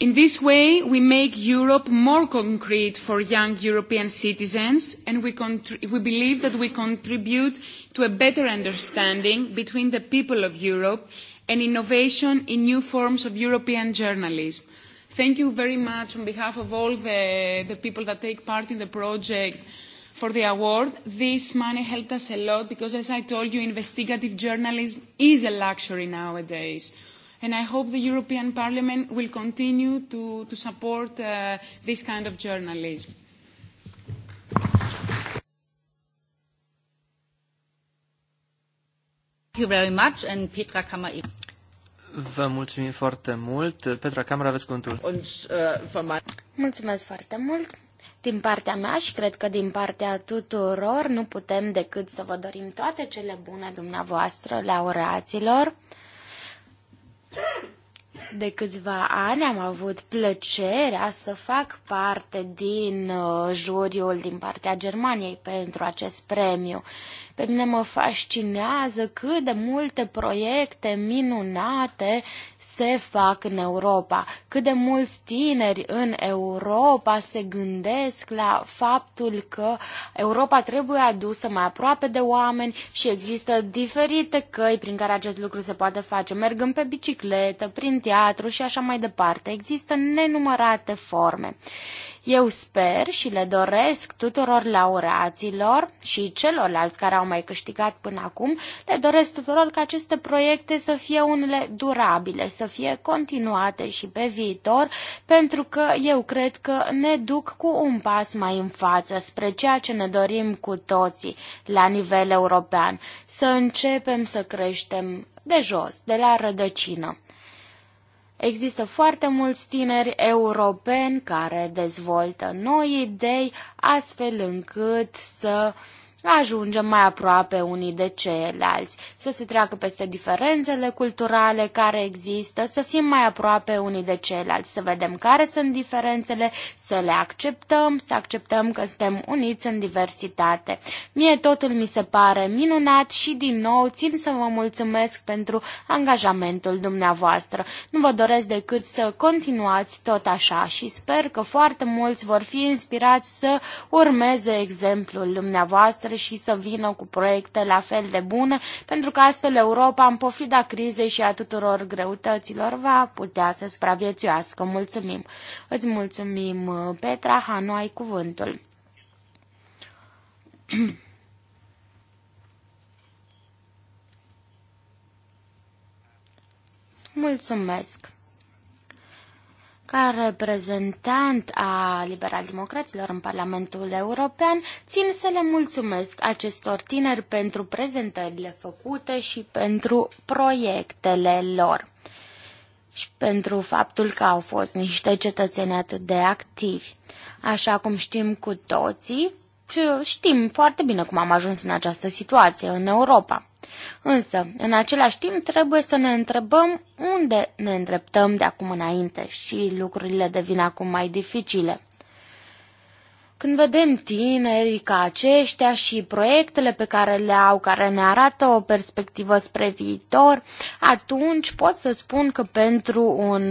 In this way, we make Europe more concrete for young European citizens, and we, we believe that we contribute to a better understanding between the people of Europe and innovation in new forms of European journalism. Thank you very much on behalf of all the, the people that take part in the project for the award. This money helped us a lot because, as I told you, investigative journalism is a luxury nowadays. And I hope the European Parliament will continue to, to support uh, this kind of journalism. you very much and Petra Kammer Vă mulțumim foarte mult. Petra Camera, aveți cuvântul. Uh, Mulțumesc foarte mult. Din partea mea și cred că din partea tuturor nu putem decât să vă dorim toate cele bune dumneavoastră, laureaților. De câțiva ani am avut plăcerea să fac parte din uh, juriul din partea Germaniei pentru acest premiu pe mine mă fascinează cât de multe proiecte minunate se fac în Europa, cât de mulți tineri în Europa se gândesc la faptul că Europa trebuie adusă mai aproape de oameni și există diferite căi prin care acest lucru se poate face, mergând pe bicicletă, prin teatru și așa mai departe. Există nenumărate forme. Eu sper și le doresc tuturor laureaților și celorlalți care au mai câștigat până acum, le doresc tuturor ca aceste proiecte să fie unele durabile, să fie continuate și pe viitor, pentru că eu cred că ne duc cu un pas mai în față spre ceea ce ne dorim cu toții la nivel european, să începem să creștem de jos, de la rădăcină. Există foarte mulți tineri europeni care dezvoltă noi idei astfel încât să uh, ajungem mai aproape unii de ceilalți, să se treacă peste diferențele culturale care există, să fim mai aproape unii de ceilalți, să vedem care sunt diferențele, să le acceptăm, să acceptăm că suntem uniți în diversitate. Mie totul mi se pare minunat și din nou țin să vă mulțumesc pentru angajamentul dumneavoastră. Nu vă doresc decât să continuați tot așa și sper că foarte mulți vor fi inspirați să urmeze exemplul dumneavoastră noastre și să vină cu proiecte la fel de bune, pentru că astfel Europa, în pofida crizei și a tuturor greutăților, va putea să supraviețuiască. Mulțumim! Îți mulțumim, Petra, Hanu, ai cuvântul. Mulțumesc! ca reprezentant a liberal-democraților în Parlamentul European, țin să le mulțumesc acestor tineri pentru prezentările făcute și pentru proiectele lor și pentru faptul că au fost niște cetățeni atât de activi. Așa cum știm cu toții, știm foarte bine cum am ajuns în această situație în Europa. Însă, în același timp, trebuie să ne întrebăm unde ne îndreptăm de acum înainte și lucrurile devin acum mai dificile. Când vedem tinerii ca aceștia și proiectele pe care le au, care ne arată o perspectivă spre viitor, atunci pot să spun că pentru un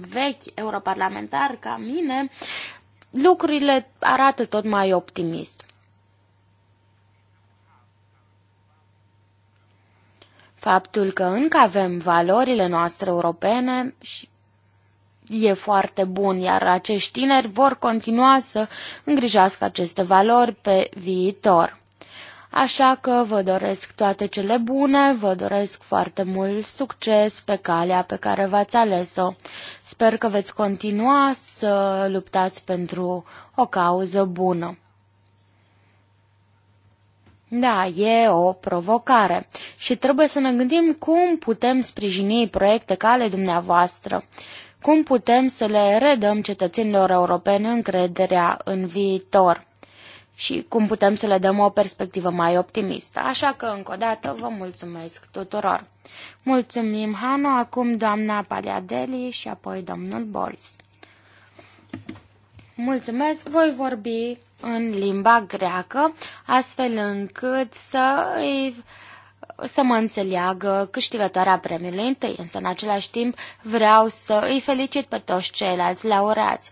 vechi europarlamentar ca mine, lucrurile arată tot mai optimist. Faptul că încă avem valorile noastre europene și e foarte bun, iar acești tineri vor continua să îngrijească aceste valori pe viitor. Așa că vă doresc toate cele bune, vă doresc foarte mult succes pe calea pe care v-ați ales-o. Sper că veți continua să luptați pentru o cauză bună. Da, e o provocare și trebuie să ne gândim cum putem sprijini proiecte ca ale dumneavoastră. Cum putem să le redăm cetățenilor europeni încrederea în viitor și cum putem să le dăm o perspectivă mai optimistă. Așa că, încă o dată, vă mulțumesc tuturor. Mulțumim, Hano, acum doamna Paliadeli și apoi domnul Boris. Mulțumesc, voi vorbi în limba greacă, astfel încât să îi să mă înțeleagă câștigătoarea premiului întâi, însă în același timp vreau să îi felicit pe toți ceilalți laureați.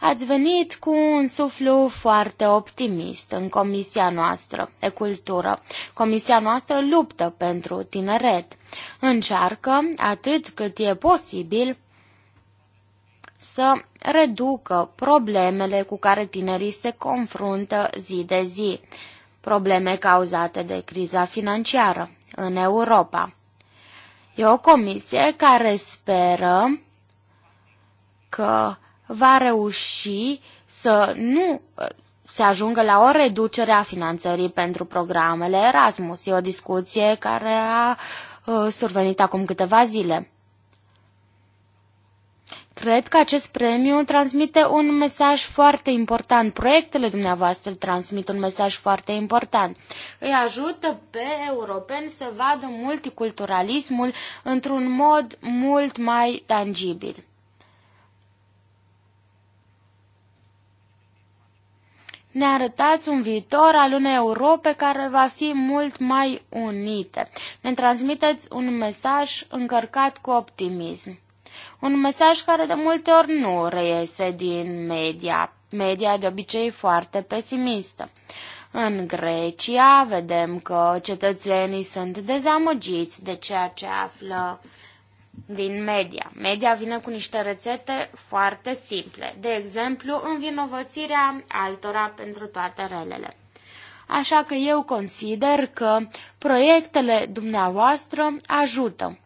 Ați venit cu un suflu foarte optimist în comisia noastră de cultură. Comisia noastră luptă pentru tineret. Încearcă, atât cât e posibil, să reducă problemele cu care tinerii se confruntă zi de zi, probleme cauzate de criza financiară în Europa. E o comisie care speră că va reuși să nu se ajungă la o reducere a finanțării pentru programele Erasmus. E o discuție care a uh, survenit acum câteva zile. Cred că acest premiu transmite un mesaj foarte important. Proiectele dumneavoastră transmit un mesaj foarte important. Îi ajută pe europeni să vadă multiculturalismul într-un mod mult mai tangibil. Ne arătați un viitor al unei Europe care va fi mult mai unite. Ne transmiteți un mesaj încărcat cu optimism. Un mesaj care de multe ori nu reiese din media, media de obicei foarte pesimistă. În Grecia vedem că cetățenii sunt dezamăgiți de ceea ce află din media. Media vine cu niște rețete foarte simple, de exemplu învinovățirea altora pentru toate relele. Așa că eu consider că proiectele dumneavoastră ajută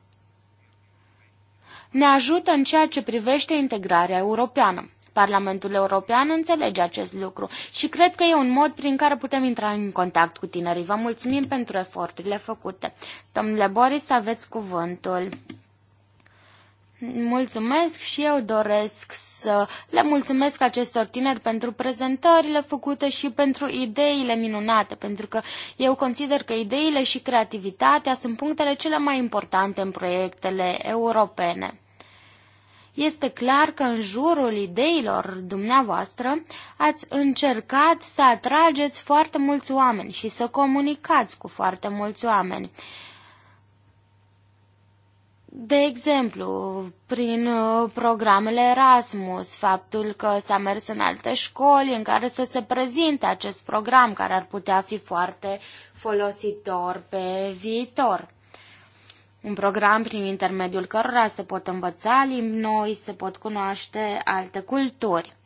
ne ajută în ceea ce privește integrarea europeană. Parlamentul European înțelege acest lucru și cred că e un mod prin care putem intra în contact cu tinerii. Vă mulțumim pentru eforturile făcute. Domnule Boris, aveți cuvântul. Mulțumesc și eu doresc să le mulțumesc acestor tineri pentru prezentările făcute și pentru ideile minunate, pentru că eu consider că ideile și creativitatea sunt punctele cele mai importante în proiectele europene. Este clar că în jurul ideilor dumneavoastră ați încercat să atrageți foarte mulți oameni și să comunicați cu foarte mulți oameni. De exemplu, prin uh, programele Erasmus, faptul că s-a mers în alte școli în care să se prezinte acest program care ar putea fi foarte folositor pe viitor un program prin intermediul cărora se pot învăța limbi noi, se pot cunoaște alte culturi.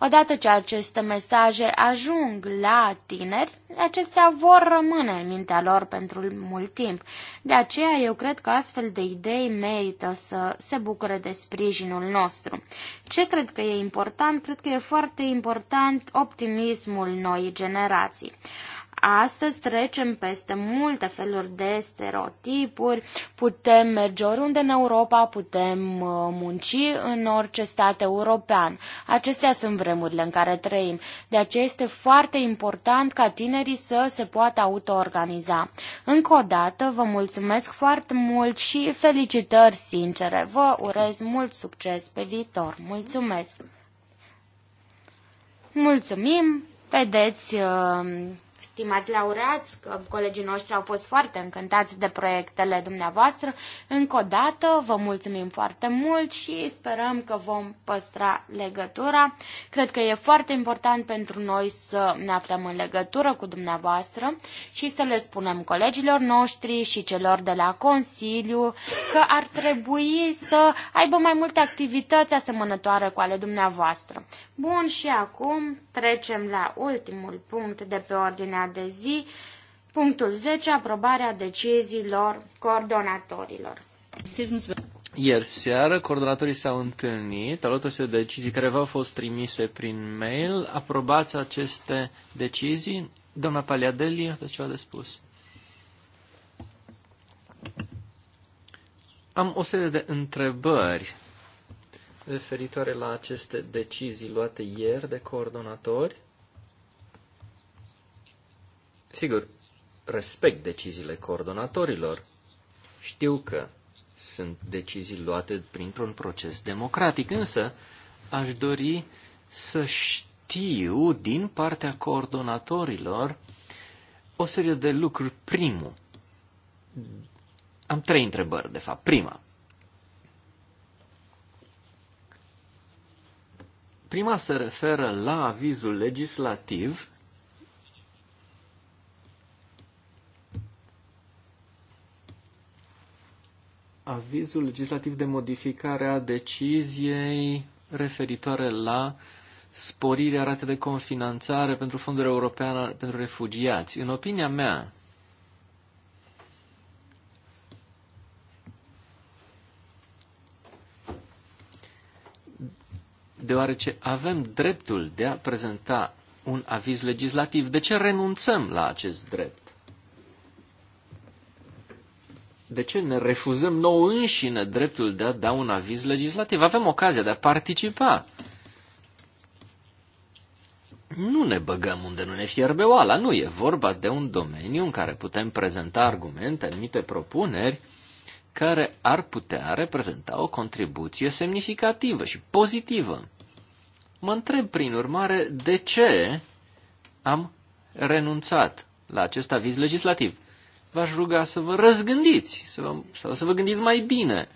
Odată ce aceste mesaje ajung la tineri, acestea vor rămâne în mintea lor pentru mult timp. De aceea, eu cred că astfel de idei merită să se bucure de sprijinul nostru. Ce cred că e important? Cred că e foarte important optimismul noii generații. Astăzi trecem peste multe feluri de stereotipuri, putem merge oriunde în Europa, putem uh, munci în orice stat european. Acestea sunt vremurile în care trăim. De aceea este foarte important ca tinerii să se poată autoorganiza. Încă o dată vă mulțumesc foarte mult și felicitări sincere. Vă urez mult succes pe viitor. Mulțumesc! Mulțumim! Vedeți uh, stimați laureați, că colegii noștri au fost foarte încântați de proiectele dumneavoastră. Încă o dată vă mulțumim foarte mult și sperăm că vom păstra legătura. Cred că e foarte important pentru noi să ne aflăm în legătură cu dumneavoastră și să le spunem colegilor noștri și celor de la Consiliu că ar trebui să aibă mai multe activități asemănătoare cu ale dumneavoastră. Bun, și acum Trecem la ultimul punct de pe ordinea de zi, punctul 10, aprobarea deciziilor coordonatorilor. Ieri seară, coordonatorii s-au întâlnit, au luat o serie de decizii care v-au fost trimise prin mail. Aprobați aceste decizii? Doamna Paliadeli, aveți ceva de spus? Am o serie de întrebări referitoare la aceste decizii luate ieri de coordonatori. Sigur, respect deciziile coordonatorilor. Știu că sunt decizii luate printr-un proces democratic, însă aș dori să știu din partea coordonatorilor o serie de lucruri. Primul, am trei întrebări, de fapt. Prima, Prima se referă la avizul legislativ avizul legislativ de modificare a deciziei referitoare la sporirea ratei de confinanțare pentru Fondul European pentru Refugiați. În opinia mea, deoarece avem dreptul de a prezenta un aviz legislativ. De ce renunțăm la acest drept? De ce ne refuzăm nouă înșine dreptul de a da un aviz legislativ? Avem ocazia de a participa. Nu ne băgăm unde nu ne fierbe oala, nu e vorba de un domeniu în care putem prezenta argumente, anumite propuneri, care ar putea reprezenta o contribuție semnificativă și pozitivă. Mă întreb, prin urmare, de ce am renunțat la acest aviz legislativ. V-aș ruga să vă răzgândiți să vă, sau să vă gândiți mai bine.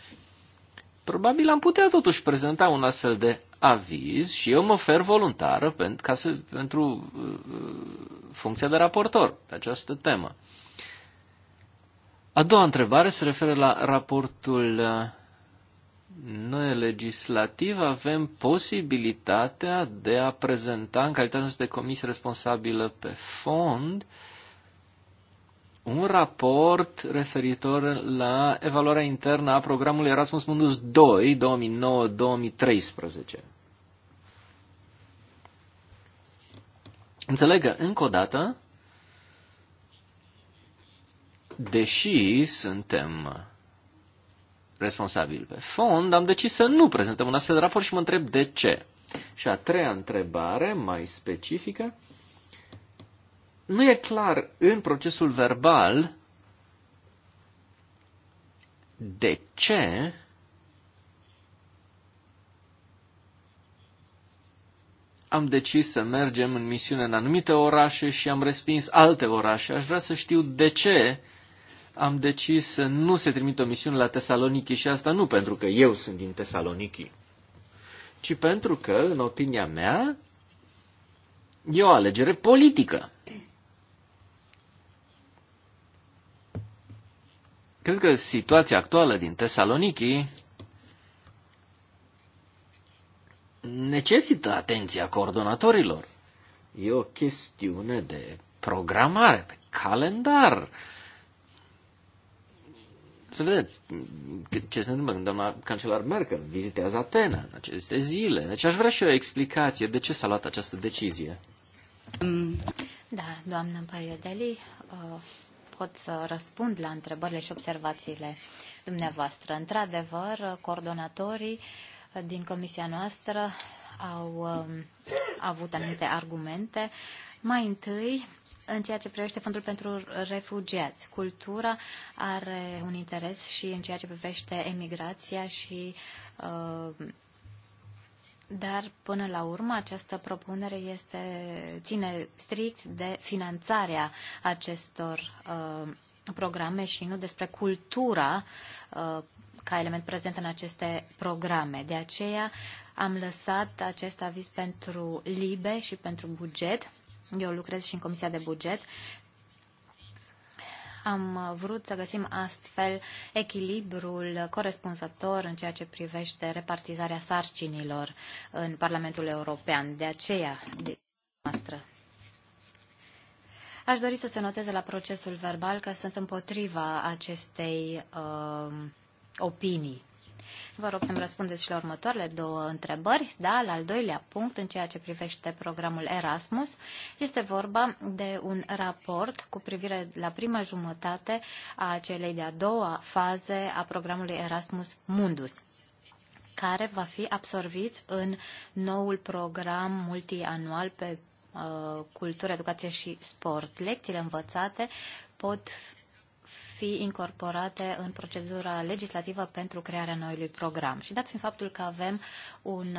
Probabil am putea totuși prezenta un astfel de aviz și eu mă ofer voluntară pentru, ca să, pentru uh, uh, funcția de raportor pe această temă. A doua întrebare se referă la raportul uh, noi legislativ avem posibilitatea de a prezenta în calitatea noastră de comisie responsabilă pe fond un raport referitor la evaluarea internă a programului Erasmus Mundus 2 2009-2013. Înțeleg că, încă o dată, deși suntem responsabil pe fond, am decis să nu prezentăm un astfel de raport și mă întreb de ce. Și a treia întrebare, mai specifică, nu e clar în procesul verbal de ce am decis să mergem în misiune în anumite orașe și am respins alte orașe. Aș vrea să știu de ce am decis să nu se trimită o misiune la Tesaloniki și asta nu pentru că eu sunt din Tesaloniki, ci pentru că, în opinia mea, e o alegere politică. Cred că situația actuală din Tesaloniki necesită atenția coordonatorilor. E o chestiune de programare, de calendar. Uh, să vedeți ce se întâmplă când doamna cancelar Merkel vizitează Atena în aceste zile. Deci aș vrea și o explicație de ce s-a luat această decizie. Mm. Da, doamnă Paiodeli, uh, pot să răspund la întrebările și observațiile dumneavoastră. Într-adevăr, coordonatorii din comisia noastră au um, avut anumite argumente. Mai întâi, în ceea ce privește fondul pentru refugiați. Cultura are un interes și în ceea ce privește emigrația și uh, dar până la urmă această propunere este, ține strict de finanțarea acestor uh, programe și nu despre cultura uh, ca element prezent în aceste programe. De aceea am lăsat acest aviz pentru LIBE și pentru buget eu lucrez și în Comisia de Buget, am vrut să găsim astfel echilibrul corespunzător în ceea ce privește repartizarea sarcinilor în Parlamentul European. De aceea, de noastră. Aș dori să se noteze la procesul verbal că sunt împotriva acestei uh, opinii. Vă rog să-mi răspundeți și la următoarele două întrebări. Da, la al doilea punct, în ceea ce privește programul Erasmus, este vorba de un raport cu privire la prima jumătate a celei de-a doua faze a programului Erasmus Mundus care va fi absorbit în noul program multianual pe uh, cultură, educație și sport. Lecțiile învățate pot fi incorporate în procedura legislativă pentru crearea noului program. Și dat fiind faptul că avem un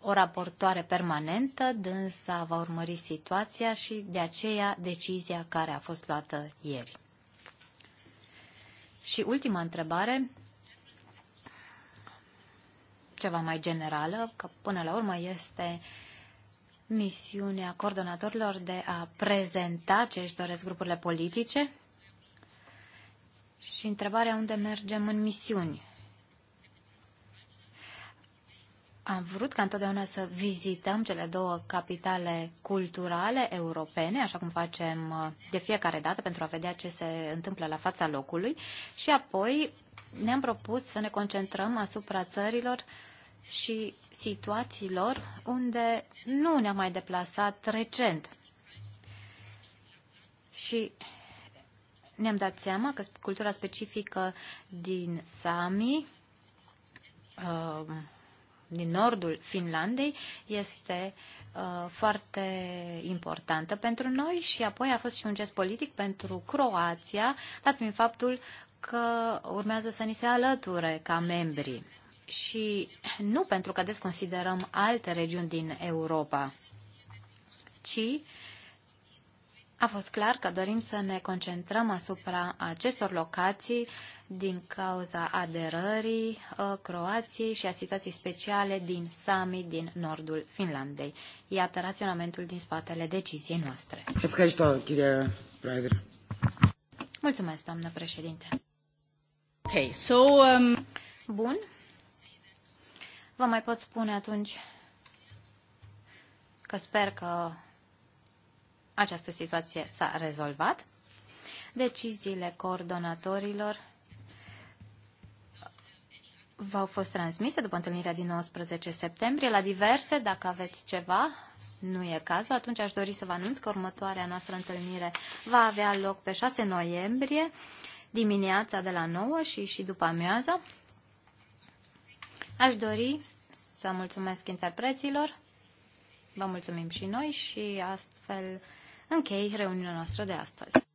o raportoare permanentă, dânsa va urmări situația și de aceea decizia care a fost luată ieri. Și ultima întrebare, ceva mai generală, că până la urmă este misiunea coordonatorilor de a prezenta ce își doresc grupurile politice și întrebarea unde mergem în misiuni. Am vrut ca întotdeauna să vizităm cele două capitale culturale europene, așa cum facem uh, de fiecare dată pentru a vedea ce se întâmplă la fața locului și apoi ne-am propus să ne concentrăm asupra țărilor și situațiilor unde nu ne-am mai deplasat recent. Și ne-am dat seama că cultura specifică din Sami, uh, din nordul Finlandei, este uh, foarte importantă pentru noi și apoi a fost și un gest politic pentru Croația, dat fiind faptul că urmează să ni se alăture ca membri și nu pentru că desconsiderăm alte regiuni din Europa, ci a fost clar că dorim să ne concentrăm asupra acestor locații din cauza aderării uh, Croației și a situației speciale din Sami, din nordul Finlandei. Iată raționamentul din spatele deciziei noastre. Mulțumesc, doamnă președinte. Okay, so, um... Bun. Vă mai pot spune atunci că sper că această situație s-a rezolvat. Deciziile coordonatorilor v-au fost transmise după întâlnirea din 19 septembrie la diverse. Dacă aveți ceva, nu e cazul. Atunci aș dori să vă anunț că următoarea noastră întâlnire va avea loc pe 6 noiembrie, dimineața de la 9 și, și după amiază. Aș dori să mulțumesc interpreților. Vă mulțumim și noi și astfel Închei reuniunea noastră de astăzi.